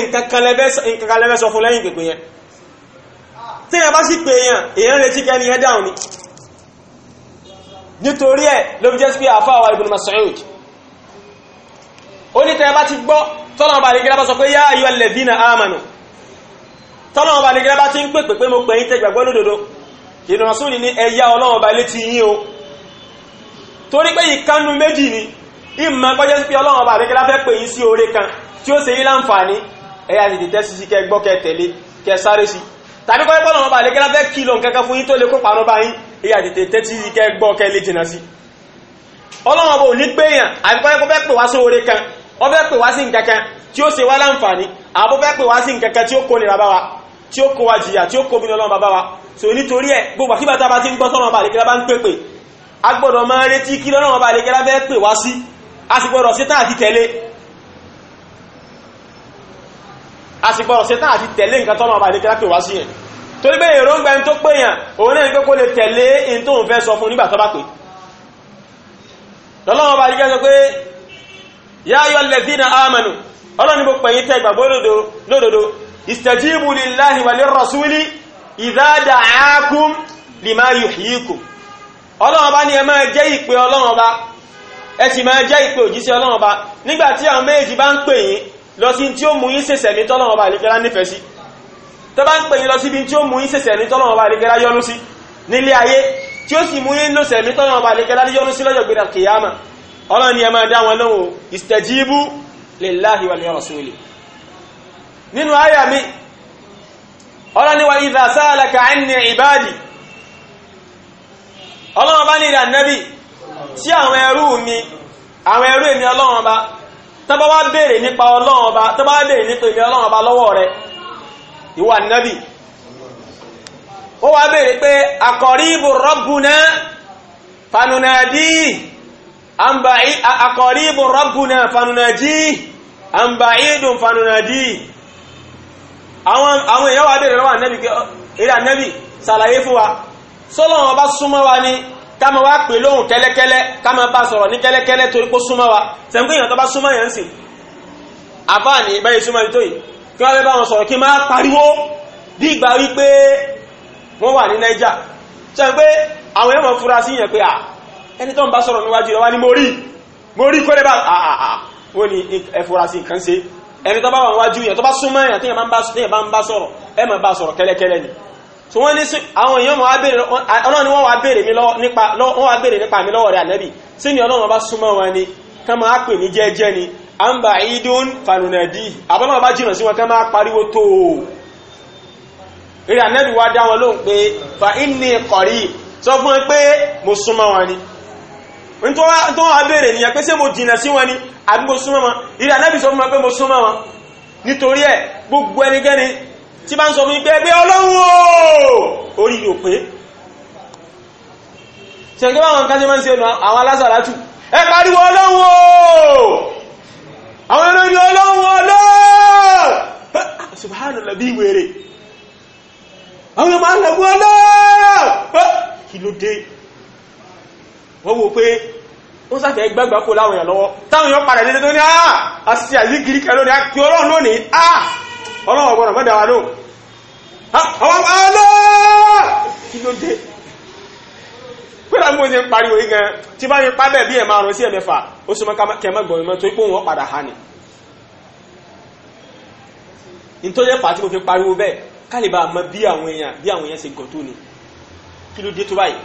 nǹkan kan lẹ́fẹ́ sọ fún lẹ́yìn yẹn bá sì pè yàn èèyàn retí dáhùn ni nítorí ẹ̀ ló fi jẹ́ sí pé onítẹ̀ bá ti gbọ́ tọ́lọ̀ ọba àdìgẹ́lá bá sọ pé yá ayọ́ alladhina amanu tọ́lọ̀ ọba àdìgẹ́lá bá ti ń pèpè pé mo pè yín tẹ́ gbàgbọ́ lódodo ìdùnnà sóòlì ní ẹ̀yà ọlọ́run ọba ilé ti yín o torí pé ìkanu méjì ni ìmọ̀ ọlọ́run ọba kan tí ó ṣe yín láǹfààní ẹ̀yà tètè tẹ́ sí sí kẹ́ gbọ́ kẹ́ tẹ̀lé kẹ́ sáré sí tàbí kọ́ ọlọ́run ọba àdìgẹ́lá fẹ́ kìlọ̀ nǹkan kan fún yín tó lè kópa ọ̀rọ̀ bá yín ò ní pé èèyàn àbíkọ́ ẹ̀kọ́ pè wá sí kan ó fẹ́ pè wá sí nǹkankan tí ó ṣe wá láǹfààní àbó fẹ́ pè wá sí nǹkankan tí ó kó nira bá wa tí ó kó wa jìyà tí ó kó bínú ọlọ́run bá wa so nítorí ẹ̀ gbogbo àkíbà tá a bá ti ń gbọ́ sọ́nà ọba àlekẹ́lá bá ń pèpè a gbọ́dọ̀ máa retí kí lọ́nà ọba àlekẹ́lá fẹ́ pè wá sí a sì gbọ́dọ̀ ṣetán àti tẹ̀lé a sì gbọ́dọ̀ ṣetán àti tẹ̀lé nǹkan torí bẹ́ẹ̀ èròǹgbà ẹni tó péyàn òun náà ń pé kó lè tẹ̀lé ẹni fẹ́ sọ fún nígbà tó lọ́lọ́wọ́ bá yíká sọ pé yá ayọ́ lẹ́dínà àmànù ọlọ́ni bó pẹ̀yìn tẹ́ ìgbàgbọ́ lódodo ìstẹ̀jíbù lillahi wà lè rọ̀súlì ìdádà ákùn lima yuhyikum ọlọ́run ọba ni ẹ máa jẹ́ ìpè ọlọ́run ọba ẹ sì máa jẹ́ ìpè òjíṣẹ́ ọlọ́run ọba nígbà tí àwọn méjì bá ń pè yín lọ sí tí ó mú yín ṣẹ̀ṣẹ̀ ní tọ́lọ́run ọba àlekẹ́lá nífẹ̀ẹ́ ọlọ́ni ẹ máa dá wọn lóhùn istajibu lillahi wa lirrasuli nínú àyà mi ọlọ́ni wa idha sa'alaka anni ibadi ọlọ́wọ́n bá ní ìrìn ànẹ́bì tí àwọn ẹrú mi àwọn ẹrú èmi ọlọ́wọ́n bá tọ́bá wá béèrè akọ̀ríbùn rọ́bùnà fanunají àmbàídùn fanunají àwọn èèyàn wà bèèrè lọ́wọ́ ànẹ́bì eré ànẹ́bì sàlàyé fún wa sọ́lọ́wọ́ bá súnmọ́ wa ní káma wá pè lóhùn kẹ́lẹ́kẹ́lẹ́ káma bá sọ̀rọ̀ ní kẹ́lẹ́kẹ́lẹ́ torí kó súnmọ́ wa àwọn èèyàn fura sí yẹn pé à ẹni tó ń bá sọ̀rọ̀ níwájú rẹ̀ wá ní mórí mórí kọ́lẹ̀ bá àà ah, ah, ah. wọ́n ni ẹfúrasí nǹkan ṣe ẹni tó bá wà níwájú yẹn tó bá súnmọ́ èèyàn tí èèyàn bá sọ̀rọ̀ ẹ máa bá sọ̀rọ̀ ni so wọ́n ní àwọn èèyàn wọ́n wá mi lọ́wọ́ rẹ̀ ànẹ́bì sí ni ọlọ́run bá súnmọ́ ni ká ni a ń bà ìdún fanunadi àbọ́lọ́wọ́ bá jìnà sí wọn ká máa pariwo tóó rẹ̀ ànẹ́bì wá dá wọn lóhùn pé fa inni qarib sọ fún ẹ pé mo tó wá béèrè nìyẹn pé ṣé mo jìnà sí wọn ni àbí mo súnmọ́ wọn ìrẹ́ anábì sọ fún mi pé mo súnmọ́ wọn nítorí ẹ̀ gbogbo ẹnikẹ́ni tí bá ń sọ mi o orí yóò pé ṣẹ̀gbẹ́ àwọn kan ṣe máa ń ṣe àwọn alásàlátù ẹ pariwo ọlọ́run o àwọn olórin ah, subhanallah bí wèrè àwọn ọmọ alẹ́gbọ́ ọlọ́run ah, kí ló dé wọ́n wo pé ó sàfẹ́ gbẹ́gbẹ́ kó láwọn èèyàn lọ́wọ́ táwọn èèyàn padà dédé tó ní àà àti àyí gírí kẹ lónìí àti ọlọ́run lónìí àà ah, ọlọ́run ọgbọ̀nà mọ́dà wà lóhùn àwọn ah, ọlọ́ kí ló dé pẹ́lá mú ṣe pariwo yìí gan tí bá yẹ pábẹ̀ bí ẹ̀ márùn sí ẹ̀mẹ́fà ó súnmọ́ kẹmẹ́ gbọ̀n mọ́ tó ipò wọn padà hàn ní nítorí ẹ̀fà tí mo fi pariwo bẹ́ẹ̀ kálíbà mọ bí àwọn èèyàn bí àwọn èèyàn ṣe gọ̀ tó ni kí ló dé tó báyìí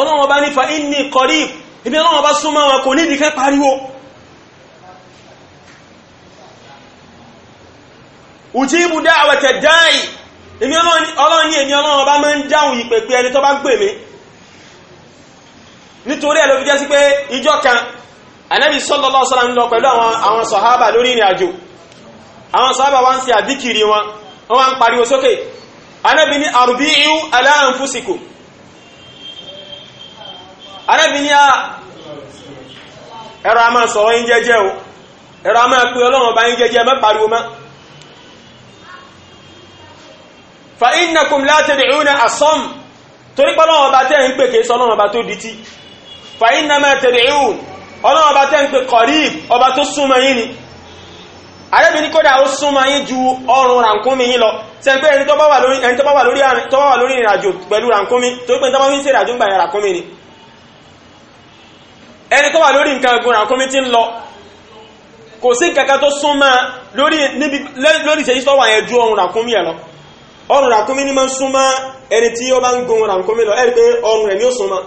ọlọ́wọ́n bá nífa inni qarib ibi ọlọ́wọ́n bá súnmọ́ wọn kò ní ìdíkẹ́ pariwo ujibu da'wata da'i èmi ọlọ́run ní èmi ọlọ́run bá máa ń dáhùn ìpèpè ẹni tó bá ń pè mí nítorí ẹ̀ ló fi jẹ́ sí pé ìjọ kan Ànábì sallallahu alaihi wasallam ń lọ pẹ̀lú àwọn sàhábà lórí ala anfusikum arábìnrin a ah, ẹ̀rọ a máa sọ̀rọ̀ yín jẹ́jẹ́ o ẹ̀rọ a máa pè ọlọ́run ọba yín jẹ́jẹ́ má fa innakum la tad'una asam torí pé ọlọ́run ọba tẹ́ ń pè kìí sọ ọlọ́run ọba tó dití fa innama tad'un ọlọ́run ọba tẹ́ ń pè qarib ọba tó ni arábìnrin kódà ó súnmọ́ yín ju ọrùn rànkúnmi yín lọ sẹ́ńpẹ́ ẹni tó bá wà lórí ìrìnàjò pẹ̀lú rànkúnmi tó pé ní tó bá fi ń ṣe ìrìnàjò ń gbà yẹn rànkúnmi ni wà lórí nǹkan ẹ̀gùn ràkúnmí tí ń lọ kò sí kankan tó súnmọ́ lórí níbi lórí ìṣẹ́yí tó wà yẹn ọrùn ràkúnmí ẹ̀ lọ ọrùn ràkúnmí ni máa ń súnmọ́ ẹni tí ó bá ń gun ràkúnmí lọ ẹ̀rí pé ọrùn rẹ̀ ni ó súnmọ́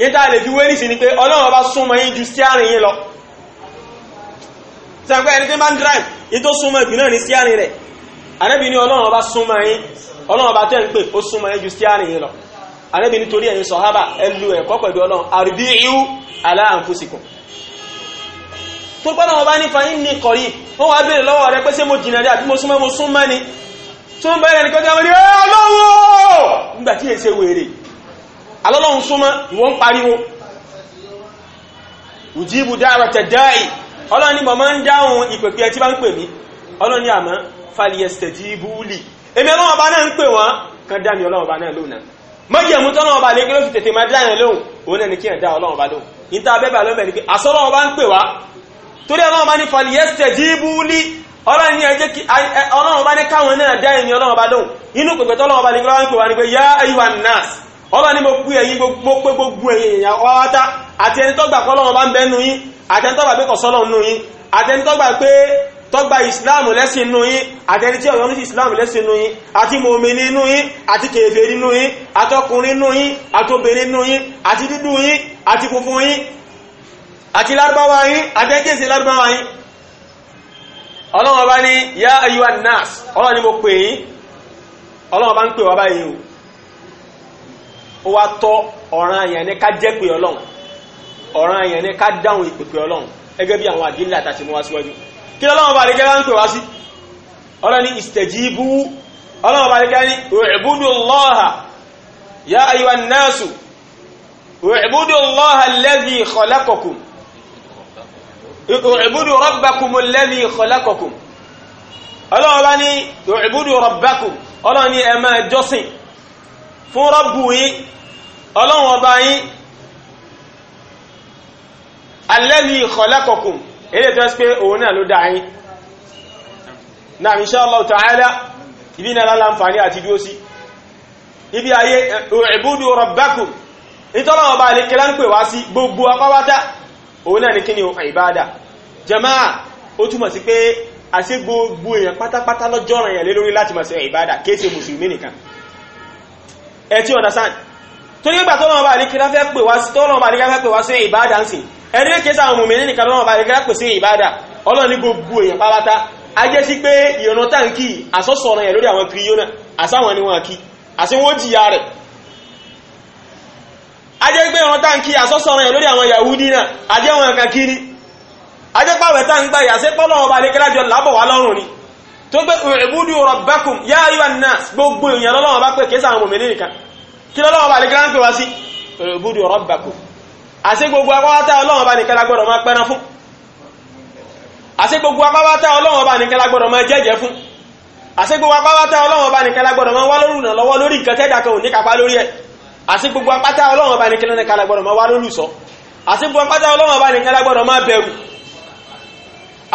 yíta lè fi wé níṣì ni pé ọlọ́run bá súnmọ́ yín ju steering yín lọ sẹ́gbẹ́ ẹni tí bá ń drive yí tó súnmọ́ ìgbì náà ní steering rẹ̀ àrẹ́bí ni ọlọ́run bá súnmọ́ yín ọlọ́run bá tẹ́ ń pè ó súnmọ́ yín ju steering yín lọ anábì nítorí ẹ̀yin sọ̀hábà ẹlú ẹ̀kọ́ pẹ̀lú ọlọ́run àrùbíyú aláàǹfúsìkùn tó gbọ́nà wọn bá ní fa ní kọ̀rí wọ́n wá bèèrè lọ́wọ́ rẹ pé ṣé mo jìnà dé àbí mo súnmọ́ mo súnmọ́ ni tó ń bẹ̀rẹ̀ nìkan jáwọ́ ní ọlọ́wọ́ nígbà tí èsè were alọlọ wọn pariwo mọ̀ kan dá mi bá náà mọ́jẹ̀mú tọ́lọ́wọ́ bá lẹ́gbẹ́ lóṣù tètè máa dáyẹ̀ lóhùn òun ẹni kí ẹ̀dá ọlọ́wọ́ bá lóhùn níta abẹ́bà lọ́mẹ́ ni pé àsọ́lọ́wọ́ bá ń pè wá torí ọlọ́wọ́ bá ní fọlì yẹ́sẹ̀ jíìbù lí ọlọ́wọ́ bá ní káwọn náà dáyẹ̀ ní ọlọ́wọ́ bá lóhùn inú pèpè tọ́lọ́wọ́ bá lẹ́gbẹ́ ni pé yá ayúwa nas ọba ni mo pè ẹ̀yin mo pé gbogbo ẹ̀yin èèyàn wáwátá tọ́gbà ìsìláàmù lẹ́sìn inú yín àtẹni tí ọ̀yọ́ ní ìsìláàmù lẹ́sìn inú yín àti mòmìnì inú yín àti kèfèrí inú yín àtọkùnrin inú yín àtobìnrin inú yín àti dúdú yín àti funfun yín àti lárúbáwá yín àtẹ́kèsí lárúbáwá yín ọlọ́run ọba ní yá ayúwa nas ọlọ́run ni mo pè yín ọlọ́run ọba ń pè wá báyìí o ó wá tọ́ ọ̀ràn àyàn ní ká jẹ́ pé ọlọ́run ọ̀ràn àyàn ní ká dáhùn ìpèpè ọlọ́run gẹ́gẹ́ bí àwọn àdínlẹ̀ àtàtìmọ́wá síwájú kí lọ́wọ́ bá rí kẹ́lá ń pè wá sí ọlọ́ni ìstẹ̀jìbú ọlọ́wọ́ bá rí kẹ́lá ní u'budullaha ya ayyuhan nasu u'budullaha alladhi khalaqakum u'budu rabbakum alladhi khalaqakum ọlọ́wọ́ bá ní u'budu rabbakum ọlọ́ni ẹ máa ilé tó ṣe pé òun náà ló dáyín náà insha Allah ta'ala ibi náà láǹfààní àti dúó sí ibi ayé u'budu rabbakum ọba àlékẹ́lá ń pè wá sí gbogbo apáwátá òun náà ni kí ni jama'a ó túmọ̀ sí pé àṣẹ gbogbo èèyàn pátápátá lọ́jọ́ lati torí ìgbà tọ́lọ́wọ́ bá àríkírá fẹ́ pè wá sí tọ́lọ́wọ́ bá àríkírá fẹ́ pè wá sí ìbádà sí ẹni lè kéta àwọn mùmìnì nìkan lọ́wọ́ bá àríkírá pè sí ìbádà ọlọ́run ní gbogbo èèyàn pápátá a jẹ́ sí pé ìrànà táǹkì àsọ́sọ̀ ọ̀ràn yẹn lórí àwọn kiri yóná àsáwọn ni wọn kí àti wọn jìyà rẹ̀ a jẹ́ pé ìrànà táǹkì àsọ́sọ̀ ọ̀ràn yẹn lórí àwọn Yahudi náà bá àríkírá lábọ̀ wá lọ́rùn ni tó gbé ìbúdú rabbakum yá ayyuhan nas kí lọ́lọ́wọ́ bá lè gíráń pè wá sí ìbúdù rabbakum àṣẹ gbogbo apáwátá ọlọ́wọ́ bá nìkan lágbọ́dọ̀ máa pẹ́ran fún àṣẹ gbogbo apáwátá ọlọ́wọ́ bá nìkan lágbọ́dọ̀ máa jẹ́jẹ́ fún àṣẹ gbogbo apáwátá ọlọ́wọ́ bá nìkan lágbọ́dọ̀ máa wá lórúnà lọ́wọ́ lórí nǹkan tẹ́dà kan ò ní kápá lórí ẹ̀ àṣẹ gbogbo apáta ọlọ́wọ́ bá nìkan lágbọ́dọ̀ máa wá lólùsọ àṣẹ gbogbo apáta ọlọ́wọ́ bá nìkan lágbọ́dọ̀ máa bẹ̀rù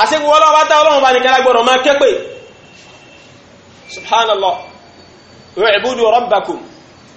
àṣẹ gbogbo apáta ọlọ́wọ́ bá nìkan lágbọ́dọ̀ máa kẹ́pẹ́ subhanallah wa'budu rabbakum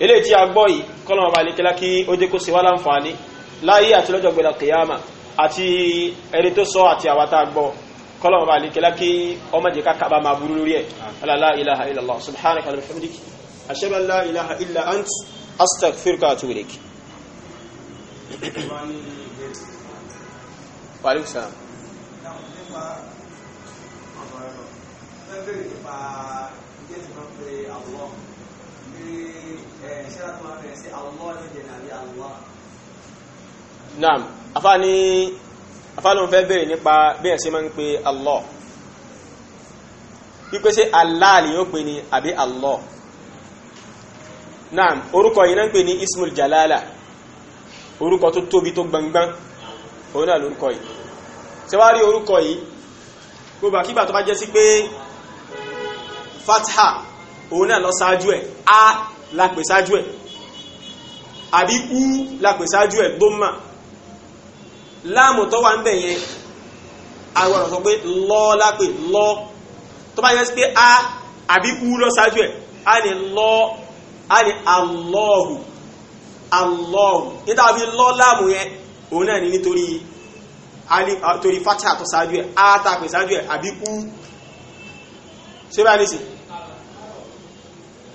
ilé tí a gbọ́ yìí kọ́nà ọba àlékẹ́lá kí ó dé kó sí wá láǹfààní láyé àti lọ́jọ́ gbẹ̀dà kìyàmà àti ẹni tó sọ àti àwa tá a gbọ́ kọ́nà ọba àlékẹ́lá kí ọmọ jẹ́ ká kaba máa burú lórí ẹ̀ alala Thank you naam afáàní afáàlùn fẹ́ bèèrè nípa bí ẹ̀ ṣe máa ń pe Allah pípé ṣe Allah ni ó pè ní àbí Allah naam orúkọ yìí náà ń pè ní ismul jalala orúkọ tó tóbi tó gbangban òun náà lórúkọ yìí ṣe wá rí orúkọ yìí gbogbo àkígbà tó bá jẹ́ sí pé fatha òun náà lọ ṣáájú ẹ̀ a lápè ṣáájú ẹ̀ àbí u lápè ṣáájú ẹ̀ dọ́mà láàmù tó wà ń bẹ̀ yẹn àwọn ọ̀rọ̀ sọ pé lọ́ lápè lọ́ tó bá yẹ sí pé a àbí u lọ ṣáájú ẹ̀ a ní lọ́ a ní alọ́ọ̀hù alọ́ọ̀hù níta fi lọ́ láàmù yẹn òun náà ní nítorí torí fatiha tó ṣáájú ẹ̀ a tàpè ṣáájú ẹ̀ àbí u ṣé bá ní sìn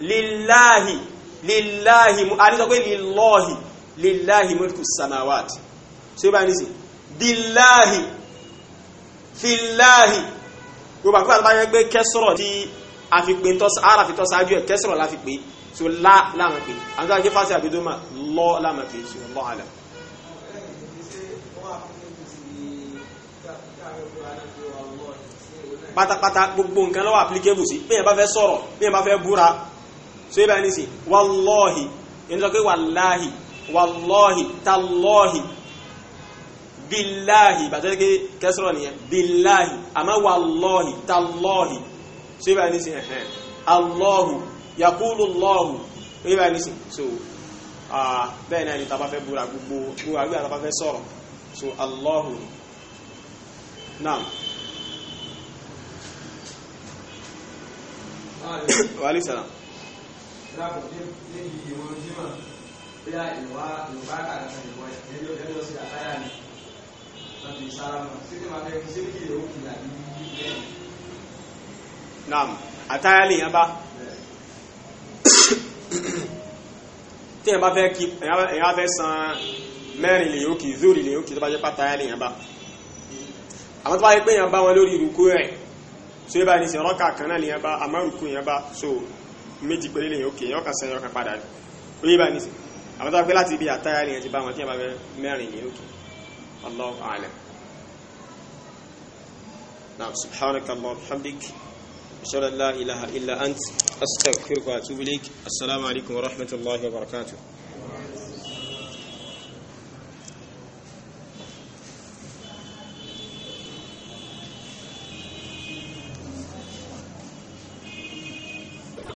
lillahi lillahi a ní sọ pé lillahi lillahi mulku samawati so yóò bá ní sí billahi fillahi gbogbo àkókò àtàbáyé pé kẹsọ̀rọ̀ tí a fi pè ara fi tọ́ sáájú ẹ̀ kẹsọ̀rọ̀ la fi pè so lá láàmà pè àti àti fásitì àbídọ́mà lọ́ láàmà pè so lọ́ àlà pátápátá gbogbo nǹkan lọ́wọ́ applicable sí bí ẹ bá fẹ́ sọ̀rọ̀ bí ẹ bá so ibà ní sí wàlọ́hì yẹn sọ pé wàláhì wàlọ́hì tàlọ́hì bíláhì bàtẹ́ pé kẹsìrọ̀ nìyẹn bíláhì àmọ́ wàlọ́hì tàlọ́hì so ibà ní sí ẹ̀hẹ́ alọ́hù yakúlù lọ́hù ibà ní sí so bẹ́ẹ̀ náà ni tàbá fẹ́ búra gbogbo gbogbo fẹ́ sọ̀rọ̀ so alọ́hù ni wa alayhi salam dáàbò ní iye wọn jímọ̀ bóyá ìwà ìwà àgàtà ìwà ẹjọ́ ẹjọ́ sí àtàyà ni wọn fi sára mọ ni wọn fẹ́ kí sí kí ìyẹwò kì í àbí bẹ́ẹ̀. naam àtàyà lè yẹn bá tí yẹn bá fẹ́ kí yẹn bá fẹ́ san mẹ́rin lè yóò kì í zórí lè yóò kì í tó bá jẹ́ pàtàyà lè yẹn bá àwọn tó bá yẹ pé yẹn bá wọn lórí ìrùkú rẹ̀ so yẹ bá ní sẹ ọlọ́kà kan náà lè yẹn bá àmọ́ ìrùkú yẹn bá so méjì péré lèyìn òkè yọ́kà sẹ́yìn yọ́kà padà ní oyè bá ní sí àwọn tó wá pé láti ibi àtàyà lèyìn ti bá wọn tí yẹn bá fẹ́ mẹ́rin ní òkè Allahu a'lam naam subhanaka allah alhamdik ashhadu ilaha illa ant astaghfiruka wa atubu assalamu alaikum wa rahmatullahi wa barakatuh